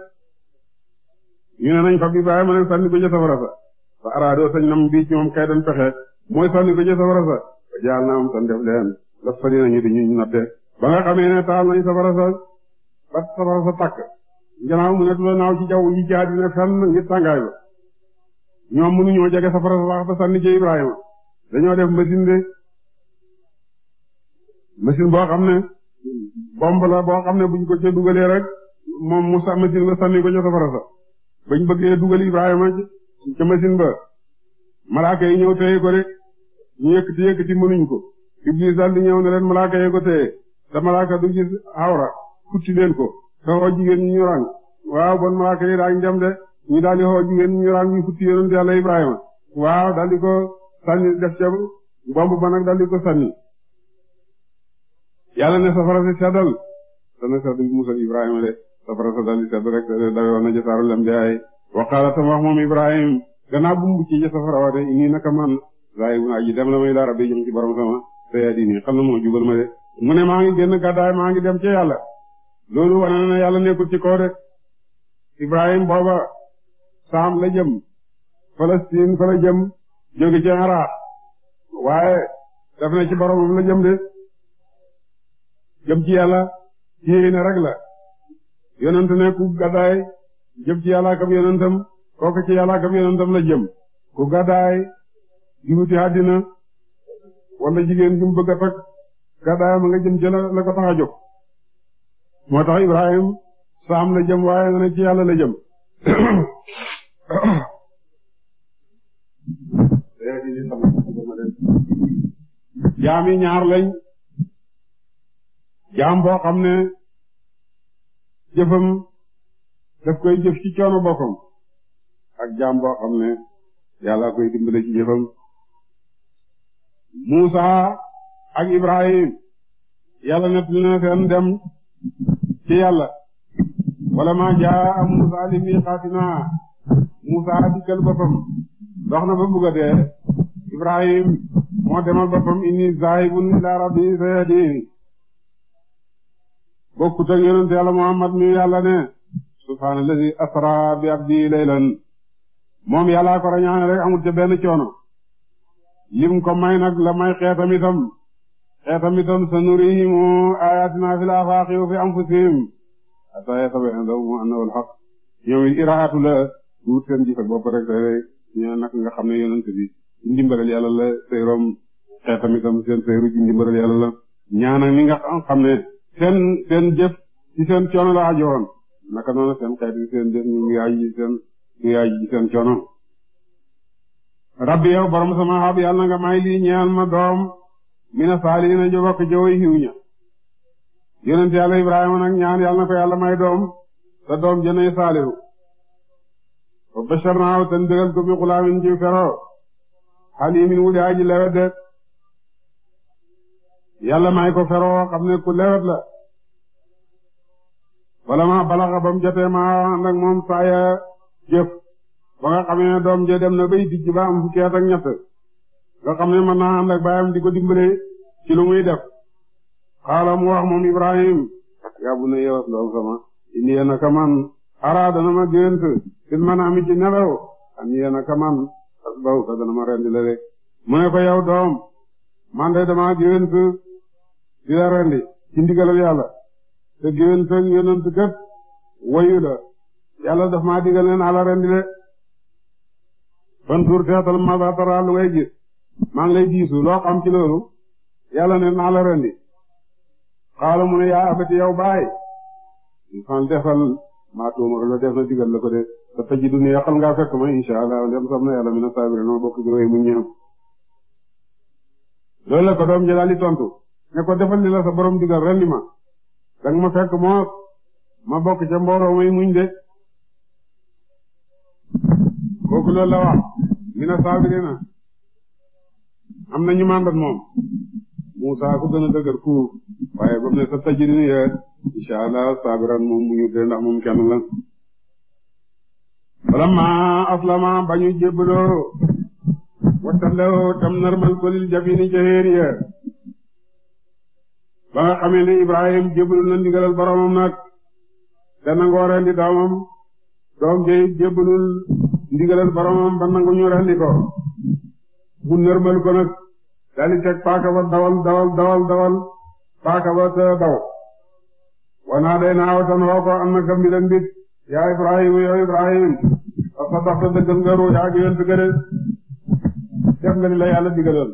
ñu ne nañ fa bi bàyyi ma ne ko ja safara sa fa araadoo sañ nam bi ci kay doon pexe mooy sànni ko ja safara sa la sani nañu di ñu nabde ba nga xamee safara sa ba safara sa ne tu la naaw ci jaww yi jaadi ne fenn ngir tàngaay ba ñoom mënuñoo jege safara sa wax ba sànni ci Ibrahima dañoo def machine de machine boo xam ne bombe la boo xam ne buñ ko ca dugalee rek moom mu sa machine ba sànni ko ca safara sa bañ bëggee dugal Ibrahima ca machine ba malaaka yi ñëw téye ko rek ñu yëkkati yëkkati mënuñ ko Iblis daal di ñëw ne leen malaaka yi ko téye te malaaka du gis awra futti leen ko te xoo jigéen ñi ñu ràng waaw bon malaaka yi daañu dem de ñu daal di jigéen ñu ràng ñu futti yonent Yàlla Ibrahima waaw daal ko sànni def ca bomb ba nag di ko sànni yàlla ne safara si seddal dana sedd bi musal Ibrahima de safara sa daal di sedd rek dawe woon na ca saaru lem deyaay wax moom Ibrahima gannaaw mu mucc ca safara wa de nii naka man na aji dem la may laa rabbi jëm ci borom sama te yaa xam na moo jubal ma de mu ne maa ngi génn gàddaay maa ngi dem ca yàlla loolu wane na yàlla nekkul ci kaw de Ibrahima booba saam la jëm Palestine fa la jëm jóge ci araab waaye daf na ci boromam la jëm de jëm ci yàlla téye na rek la yonent ne ku gàddaay jëm ci yàlla kam yonentam kooku ci yàlla kam yonentam la jëm ku gàddaay di wuti àddina wala jigéen gi mu bëgg a takk gàddaayam nga jëm ci la ko tax a jóg moo tax Ibrahim saam la jëm waaye na ci yàlla la jëm jaam yi ñaar lañ jaam boo xam ne jëfam daf koy jëf ci coono boppam ak jaam boo xam ne yàlla koy dimbale ci jëfam Muusa ak Ibrahim yàlla nett na seen dem ci yàlla wala ma jaa Muusa li miqaatina Muusa dikkal boppam dox na ba bëgg dee Ibrahim moo demal boppam inni zaahibun ilaa rabbi sayahdiin bokkut ak yonent yàlla muhammad mi yàlla ne subhaanallazi asra bi abdi laylan moom yàllaa ko rañaane rek amul ca benn coono lim ko may nag la may xeetam itam xeetam itam sanurihimu ayatina fil afaaqi wa fi anfusihim hatta yatabayyana lahum annahu al-haqq ñoom iraatu la duut seen jëfal bopp rek te ñu nag nga xam ne yonent bi ndimbalal yàlla la say rom te tamitam seen seeru ci ndimbalal yàlla la ñaan ak ñi nga xam ne seen seen jëf ci seen coono la aju woon naka noonu seen xeet yi seen jëf ñu ngi aju seen coono rabbi yow borom sama xab yàlla nga may lii ñaan ma doom mina saaliina ñu bokk jëwoy xiw ña yonent yàlla ibrahima nag ñaan yàlla na ko yàlla may doom te doom jënay saalihu wa basharnaahu tan bégal ko bi xulaamin ci fero xalimin wuli aji lewe de yàlla may ko feroo xam ne ku lewet la wala ma balaxa ba mu jotee ma ànd moom saaya jëf ba nga xamee doom je dem na bay dijj ba am fukki at ñett nga xam ne mën naa ànd ak baayam di ko dimbale ci lu muy def xaala mu wax moom Ibrahim yàbbu na yow doom sama indi yéen a kaman araa dana ma gént fil manaami ci nelaw am yéen a kaman asbaw ka dana ma rendi la de mu ne ko yow doom man de damaa géwél sa di la rendi ci ndigalal yàlla te géwél sa yonent kat wayu la yàlla daf maa digal ne naa la rendi de ban tur teetal ma ba tara lu ngay gis maa ngi lay diisu loo xam ci yàlla ne naa la rendi xaala mu ne yaa abati yow baay fan defal maa tuuma la def na digal la ko de te taji du ne ngaa fekk ma insha allah ndem sam na yàlla mi na saabiri na bokk ci roy mu ñeem loolu la ko doom ji daal tontu ne ko defal li sa borom digal ren li ma ma fekk moo ma bokk ca mbooloo may muñ de kooku loolu la wax mi na am na ñu mandat moom Musaa ko gën a dëgër kuur waaye ba sa tajiri ni ya insha allah moom mu ñu de ndax moom kenn la falamma aslama bañu jébbaloo wattalaw tam narmal ko lil jabini jaheriya ba nga xamee Ibrahim jébbalu na ndigalal boromam nag te nangoo rendi doomam doom jébbalul ndigalal boromam ba nangu ñu ko mu nërmal ko nag dali paaka ba dawal dawal dawal dawal paaka ba te daw wanaa day naaw tan woo ko am na ka mbiran bit yaa Ibrahim yow Ibrahim a saddaxta dëggal nga ruuyaa gi wen def nga li la yàlla digaloon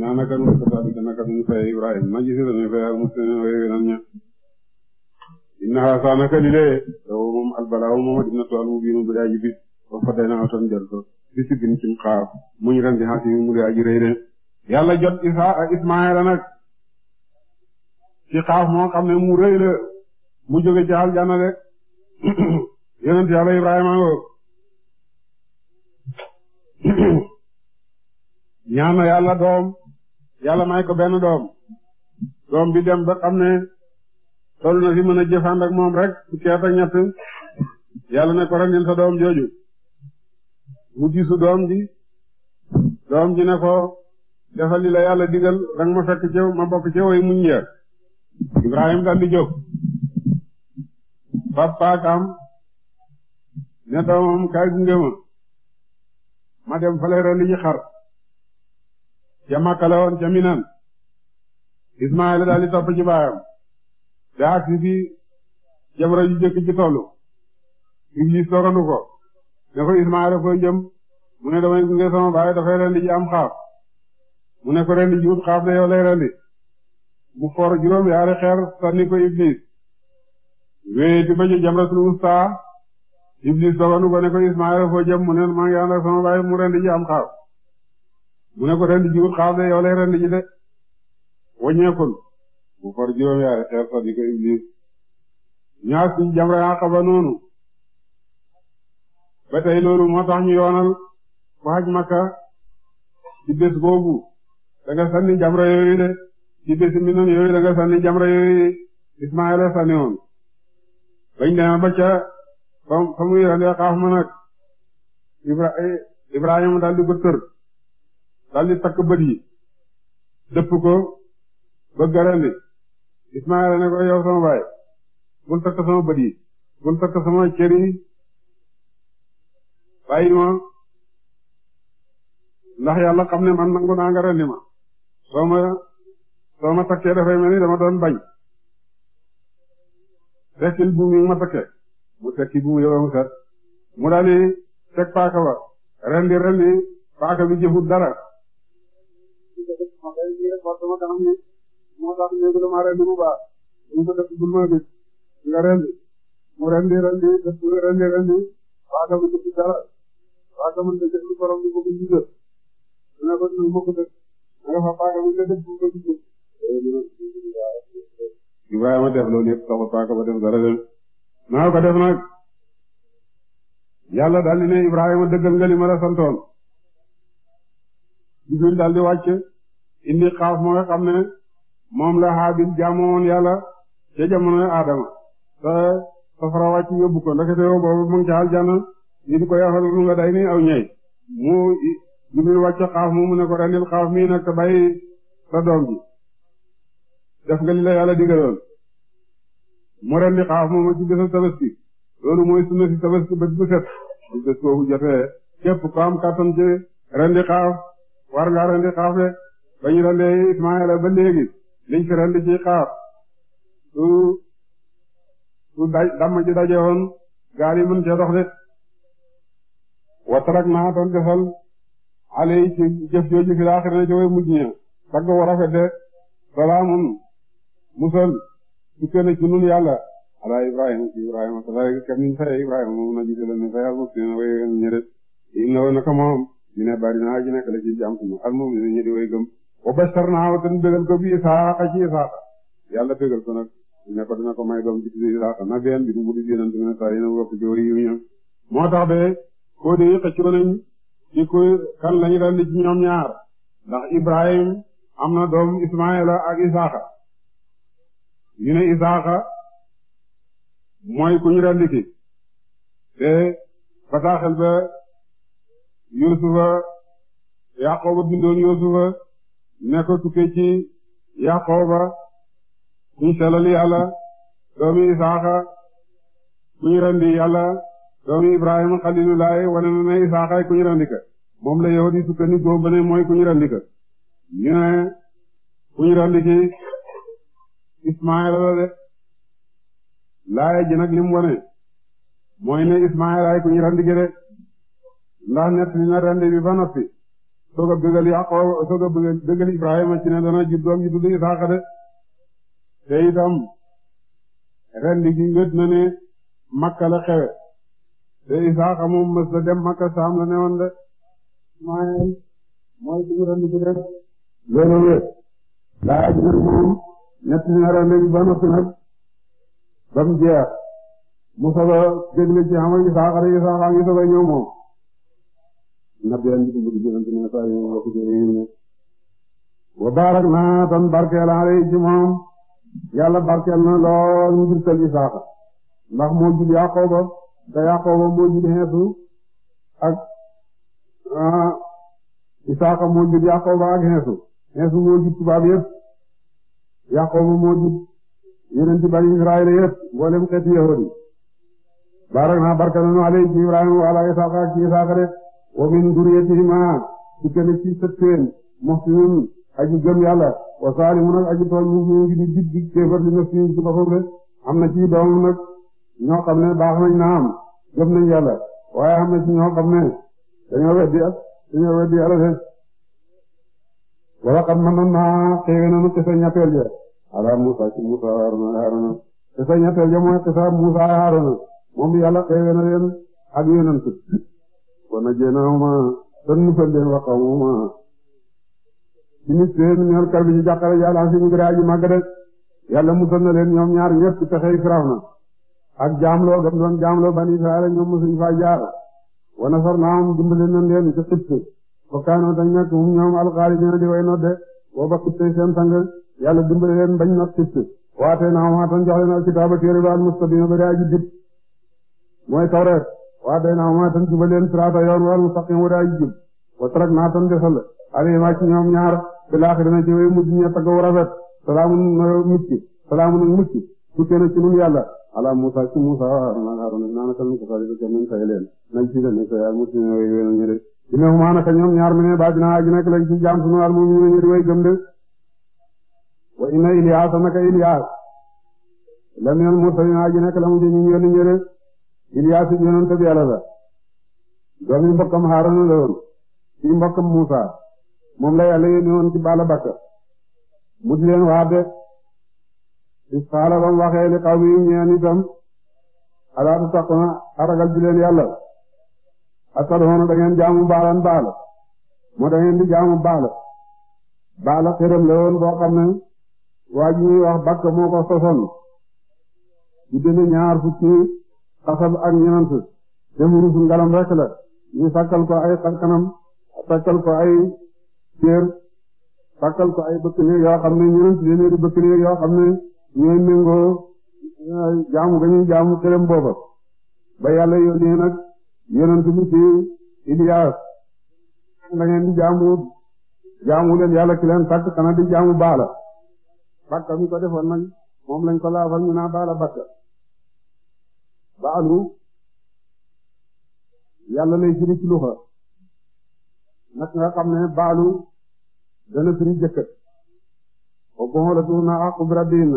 naa naka nu kasaalika naka nu fay Ibrahima ma gis lañu fay al muslimin way wenan ña inna haasa naka li lee law moom albalaaw moom a dina tool mu biinu buri aji bis wa fa day naa ton jël ko bis bin cim xaar muñ ren mu buri aji xaaf moo xam ne mu rëy la mu jóge ci aljana rek yonent yàlla Ibrahima ngoo ñaan na yàlla doom yàlla may ko benn doom doom bi dem ba xam ne toll na fi mën a jëfand ak moom rek fukki at ak yàlla ne ko rendil sa doom jooju mu gisu doom ji doom ji ne ko defal li yàlla digal danga ma fekk ci ma bokk ci way muñ ya di jóg fab paakaam ne doomam kaay gunge ma dem fa lay rendi ji xar ca Makka la daal di topp ci baayam da agsi fi jabara ju jëkk ci tollu Iblis toogandu ko ne ko Ismaayil fooy jëm mu ne damay gunge baay dafay rendi ji am xaaf mu ne ko rendi ji wut xaaf de yow lay rendi mu for juróom yaari xeer sànni ko Iblis wéyati ba ci Jamratul Wusta Iblis doganu ko ne ko Ismaayla foo jëm mu ne maa ngi ànd sama baay mu rendi ji am xaar mu ne ko ji wut xaar de yow lay ji de wàññeekul bu for juróom yaari xeer sax di ko Iblis ñaar yaa ba noonu ba tey loolu moo tax ñu yoonal ku haj Makka ci bés boobu da nga jamra yooyu de ci bés mi noonu yooyu da nga jamra yooyu Ismaayla sànni woon bañ demee ba ca fa mu yéexalee xaaf ma nag Ibra eh, Ibrahima ko tër daal di bët yi dëpp ko ba garandi Ismaayla ne ko yow sama baay bul takk sama bët yi bul takk sama cër yi ma ndax yàlla xam ne man nangu naa nga rendi ma soo ma soo ma takkee dafay mel ni dama doon bañ fekkil bu mi ma takkee mu teg ci bu yowam sat mu daal di teg paaka ba rendi rendi paaka bi jëfut dara moo tax léegi dama rendi mu baax mu ko def bul ma gis nga rendi mu rendi rendi def rendi rendi paaka bi jëfut dara paaka mën na jëf lu borom bi bëgg ñu jëf dina ko dina mokk def nga fa paaka bi nga def bu ko Ibrahima def loolu yëpp taxul paaka ba def dara naa ko def nag yàlla daldi ne Ibrahima dëggal nga ma la santoon Jibril daldi wàcc indi xaaf ma nga xam ne moom la Haabil jaamoon yàlla ca jamono Adama te safara wàcc yóbbu ko ndekete yoo boobu mu ngi ca aljana ñu di ko yaxal lu nga day ni aw ñey mu Jibril wàcc xaaf mu mu ne ko rendil xaaf mii nag te bàyyi sa ji def nga la yàlla digaloon mu rendi xaaf mooma ci bésu tabaski loolu mooy sunna si tabaski bët bu set bu bés boobu jotee képp ko am kattan ci rendi xaaf war nga rendi xaaf le ba ñu rendee Ismaayila ba léegi liñ fi rendi ci xaaf su su ci daje woon gaal mën cee dox de wa tarak naa doon defal ale ci jëf jooju fi laaxir na ci way mujj ña tagg wa rafet de salaamun musal su kenn ci nun yàlla ala ibrahima ci a kadhalika kam niñ faye ibrahima moom na jiite la ne fay almuslimina way ñëret inna woo naka moom mi ne bari naa ji nekk la ci jàmm sunu almu'mina ñi di way gëm wa basharnaahu tan bégal ko bi isaaqa ci isaaqa yàlla bégal ko nag ne ko dina ko may doom ci tuddu isaaqa na biyan bi du budu yonent bi ne sari na wokk joori yu ñëw moo tax de koo de yi xëccoo nañ ci ku kan lañu daldi ci ñoom ñaar ñu ne Isaaxa mooy ku ñu te bataaxel ba Yuusufa Yaqooba bindoon Yuusufa ne tukkee ci Yaqooba kuñ selal yàlla doomi Isaaxa kuñ rendi yàlla doomi Ibrahima xalilulaay wane na ne Isaaxa kuñ rendi moom la yow di sukkandiku ba ne mooy kuñ rendi ka ne kuñ rendi Ismaayila la de laaya ji nag li mooy ne Ismaayila ay ku ñu de ndax nett li na rendi bi ba noppi soog a bëggal Yaqoob soog a bëggal Ibrahima ci ne dana jur doom ji tudd Isaaxa de te itam rendi gi na ne Makka la xewe te Isaaxa moom mës la dem Makka saam la ne woon de Ismaayil mooy ku ñu de loolu wét laaya ji nag ñetti ñaareel lañ ba noppi nag ba mu jeex mu soog a déglu ci xam nga Isaaxa rek Isaaxa ngi soog ñëw moom. nabi andi ci bëgg jëlante ne saa yu wax ci yéen ne wa baarak naa tan barkeel alayhi ci moom yàlla barkeel na lool ñu jirtal Isaaxa ndax moo jur Yaqooba te Yaqooba moo jur Heesu ak ah, Isaaxa moo jur Yaqooba ak Heesu Heesu moo jur tubaab yëpp Yaaqooba moo jub yeneen ci bani Israayil yëpp mboolem xeeti yahuud yi baarak naa barka nañu alay ci Ibrahima wa ala Isaaqa ak ci Isaaqa de wa min duriyatihima ci kenn ci sëtteen muhsinun aji gëm yàlla wa saalimun ak aji tooñ mu ngi di jub di kéefar li nafsi ci boppam de am na ci doom nag ñoo xam ne baax nañ na am gëm nañ yàlla waaye am na ci ñoo xam ne dañoo weddi ak dañoo weddi yàlla de wala xam na man naa xëy na nu kese ñetteel ja ala Musa ci Musa Haruna Haruna kese ñetteel ja mooy kese Musa Haruna moom yàlla xëy na leen ak yeneen ci kon a jéenaawuma te nu fa leen waxawuma ci nit seen ñoom kàr bi ci jàkkaarloo yàlla si ñu gërëm aji màgg rek musal na leen ñoom ñaar ñëpp ci pexe Firawna ak jaamloo gam doon jaamloo bani Israayil ñoom mosuñ faa jaar wa nasarnaahum dimbali nañ leen ci Égypte wa kaanoo dañ nekk hum ñoom alxaalidiina di way nodde wa ba xitte seen sang yàlla dimbali leen bañ not xitt waatee naa ma tan jox leen al ba al mustaqiima ba daa ji jub mooy tawreet waatee naa ma tan leen siraata yoon wa al mustaqiima ba daa ji jub wa tarak naa tan desal alayhimaa ci ñoom ñaar bil aaxirina ci way mujj ña tagg wu rafet salaamun mucc salaamun mucc tukkee na ci nun yàlla ala Musa ci Musa wa Haaruna Haaruna naa na ci leen dina mu maanaka ñoom ñaar mu ne baaj naa aji nekk lañ ci jaam sunu al mu'minu ñu di way gëm de wa inna Ilyaasa naka Ilyaas la minal mursaliin aji nekk la mu jëm ñu yónni ñëre yi yónnoon te bi Yàlla la doomi mbokkam Haaruna la woon ci mbokkam Muusa moom la Yàlla yónni woon ci baala bakka mu di leen waa de is xaala bam waxee li xaw mi ñeen itam alaatu taquna aragal di leen ak sa doon da ngeen jaamu baalan baal moo da ngeen di jaamu baal baala xërëm la woon boo xam ne waa ji ñuy wax bakk moo ko sosoon ci dina ñaar fukki xasab ak ñenant dem ruusu ngalam rek la ñu sàkkal ko ay xarkanam sàkkal ko ay cër sàkkal ko ay bëkk néeg yoo xam ne ñenant bëkk néeg yoo xam ne ñooy méngoo jaamu ga ñuy jaamu xërëm booba ba yàlla yónnee nag yonent bi ci Iliyaas la di jaamu jaamu leen yàlla ki kana di jaamu baala bakka mi ko defoon nag moom lañ ko laafal ñu naa baala bakka baalu yàlla lay firi ci luxa nag nga xam baalu dana firi jëkkër o bon la tuur naa aqub rabbiin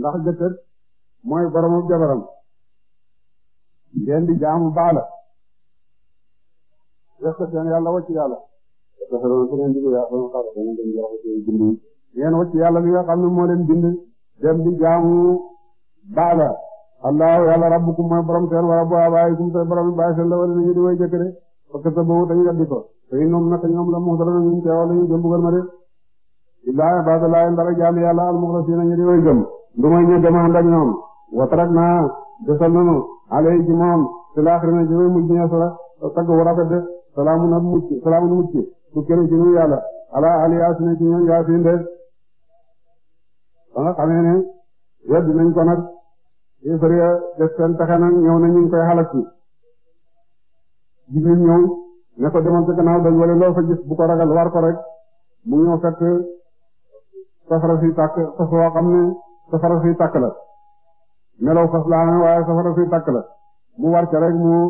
na mooy boroomu jabaram ngeen di jaamu baala def ko seen yàlla wacc yàlla dafa doon ko ngeen di yaa sama xaar ko ngeen di wax ci bind ngeen wacc yàlla mi nga xam ne moo rabbukum mooy borom seen wa rabbu abaayikum seen borom baay seen la wala ñu di way jëkk de parce que la mu dara ñu teewal ñu jëm bugal ma de ibrahima baadalaay ndara jaami yàlla al muxlasina ñu di way gëm du may wa tarakna desal nanu alay ci moom fil aaxirina ci mujj ne sala tagg wu rafet de salaamun ab mucc salaamun mucc ku kene ci nu yàlla ala aliyaasina ci ñoom yaasiin de ba nga xamee ne wedd nañ ko nag yéefar ya def seen koy xalak ci Jibril ñëw ne ko demal ci gannaaw dañ wala loo fa gis ragal war ko rek mu ñëw fekk safara si tàkk safara si tàkk la melaw fas waaye safara suy takk la mu war rek mu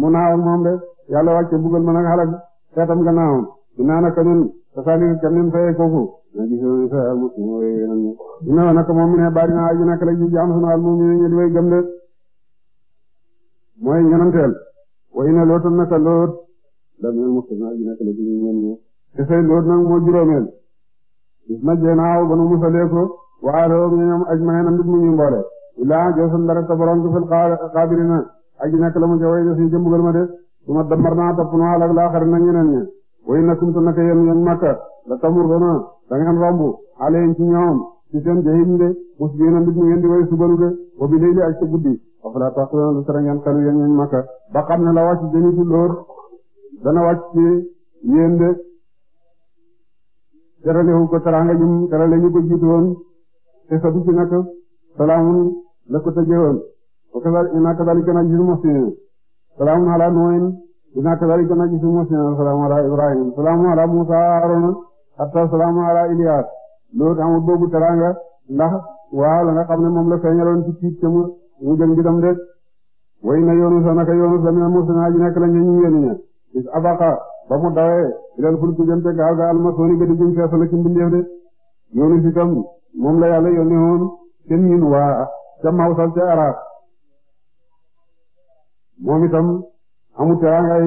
mu naaw moom de yàlla wàcce buggal mën ak xalak xeetam nga naawoon dinaa naka nun te saalir kam nin fayee kooku na ji jaam sunu almu'minu ñi mooy ñenanteel wa ina loot la minal muslimu aju naka la ji ñen ñi te say loot nag moo juróomeel is na jeenaaw banu musaleeko waa mu ñu mboole illaa joosan la rek ta borom ko aji nekk la ca way desuñ ca mbugal ma de su ma dambar naa topp nu alak laa na ñeneen ña way na kum ta naka yéen makka la tamur dana da ngeen romb aleen ci ñoom ci seen jahim de mus bi na mu ngeen way subalu de wa bi layli ak ca guddi wa falaa taqilana lu sara ngeen xelu yéen yéen makka ba xam ne la wàcc jënitu lóor dana wàcc ci yéen de teralewu ko teranga jum terale ñu ko jiitoon te sadu ci nag la ko tëjee woon wa kadhalika inna kadhalika najzil muhsinin salaamun ala nuhin inna kadhalika najzil muhsinin salaamun ala ibrahim salaamun ala musa haruna hatta salaamun ala ilyas loolu amul boobu teraanga ndax waaw la nga xam ne moom la feeñaloon ci tiit ca mu mu jëm de way na yonus a naka yonus la mina muhsinin aji nekk la ñu ñu yéen ña is abaqa ba mu dawee ilal fulki jëm te ga almasoni ga di jëm feesal ci mbindeef de yonus itam moom la yàlla yónni woon seen ca Mawsal ca Iraq moom itam amu teraangay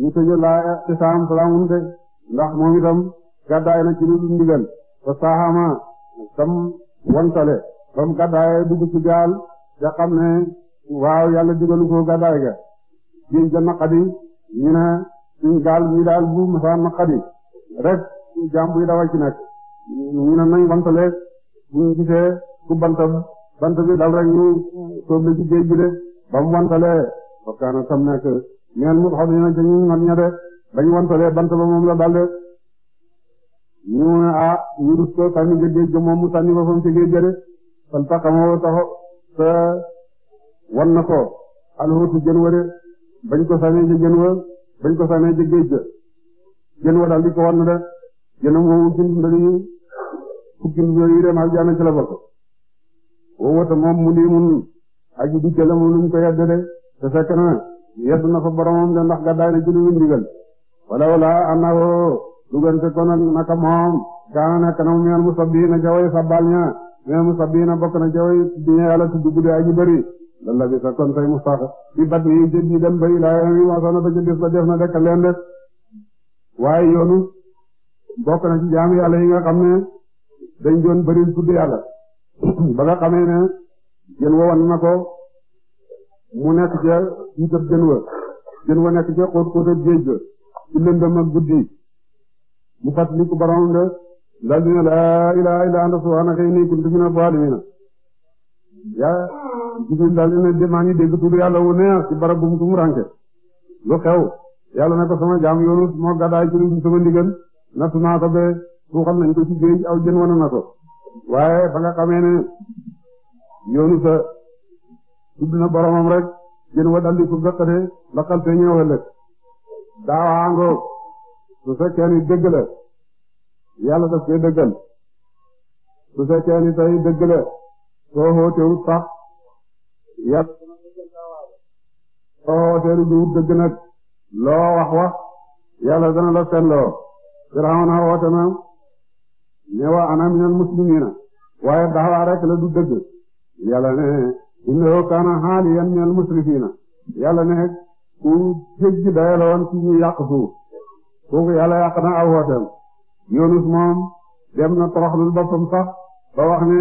ñu tëjee laa ci saam salaamun de ndax moom itam gàddaay na ci lu dul ndigal te saaxaama tam wantale bam gàddaay dugg ci gaal nga xam ne waaw yàlla digalu ko gàddaay ga géej ga naqadi ñu ne suñ gaal ñu daal bu masaa naqadi rek jàmbu yi dawa ci nag ñu ne nañ wantale buñ gisee ku bantam bant bi dal rek ñu sóob la ci géej gi de ba mu wantalee fokkaana tam nekk ñeen mu xaw dina ca ñu ngot ña de bañ wantalee bant ba moom la dal de ñu ne ah, ñu rus ko sànni ga géej ga moom mu sànni ba fa mu ci géej ga de bañ ko sànnee ca géej ga jën wa dal di ko wan de jënam woowu ci ndëri fukki ndëri dem aljana ci la bokk wowata moom mu aji di kële mu nuñ ko yedd de te fekk na yedd na fa boromam de ndax gàddaay na ci lu ndigal wala wala ana woo dugante kon naka moom kaana nekk na mu mel mu sabbiina jaway sabbal ña mel mu sabbiina bokk na jaway di ña yàlla tuddu guddi aji bari lalla bi sa kon tay mustax bi bat nii jëndi dem ba ilaa yoon wi wasana ba ci bis ba def na dekk leen waaye yoonu bokk na ci jaamu yàlla yi nga xam ne dañ doon bari tuddu yàlla ba nga xamee ne jën wa wan na ko mu nekk ca jiitab jën wa jën wa nekk ca xóot xóotab géej ga ci lëndëm ak guddi mu fàttali ko borom de daal di ne laa ilaaha illa anta subhaanaka inni kuntu mina zaalimiin yaa Jibril daal di ne maa ngi dégg tudd yàlla wu neex ci barab bu mu lu xew yàlla ne sama jaam yoonu moo gàddaay ci sama ndigal natt naa ko ba xam nañ ko ci géej aw jën wan na ko waaye ba nga xamee ne yoonu sa tudd boromam rek jën wa daldi ko gëkkate lakkal te ñëw ëllëg daawaango su fekkee ni dëgg la yàlla daf koy dëggal su fekkee ni tey dëgg la soo xootewut sax yàlla soo xooteeru duwut dëgg nag loo wax wax yàlla dana la fenloo Firawna woote na ne wa ana minal muslimiina waaye daawa rek la du dëgg yàlla ne innahu kaana haaliyan minal musrifiina yàlla ku jéggi dayoo la woon ci ñu yàq na aw wooteem Yunus moom dem na toroxlul boppam ba wax ne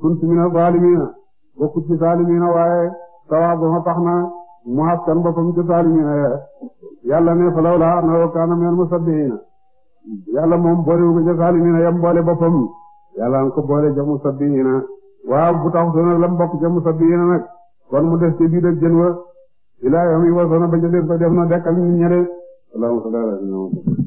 kuntu mina zaalimiina bokku ci zaalimiina waaye sawaab ma tax na mu askan boppam ci zaalimiina yàlla ne falawlaa kaana minal musabbihiina yàlla moom boole wu ko ca saalimiina yam boole boppam yàlla na ko boole ca musabbihiina waaw bu tax soo nag lam bokk ca musabbihiina nag kon mu def ci biir jën wa ilaa yawmi wasoona ba jëlee ko def na dekkal nit ña de allahumma salli ala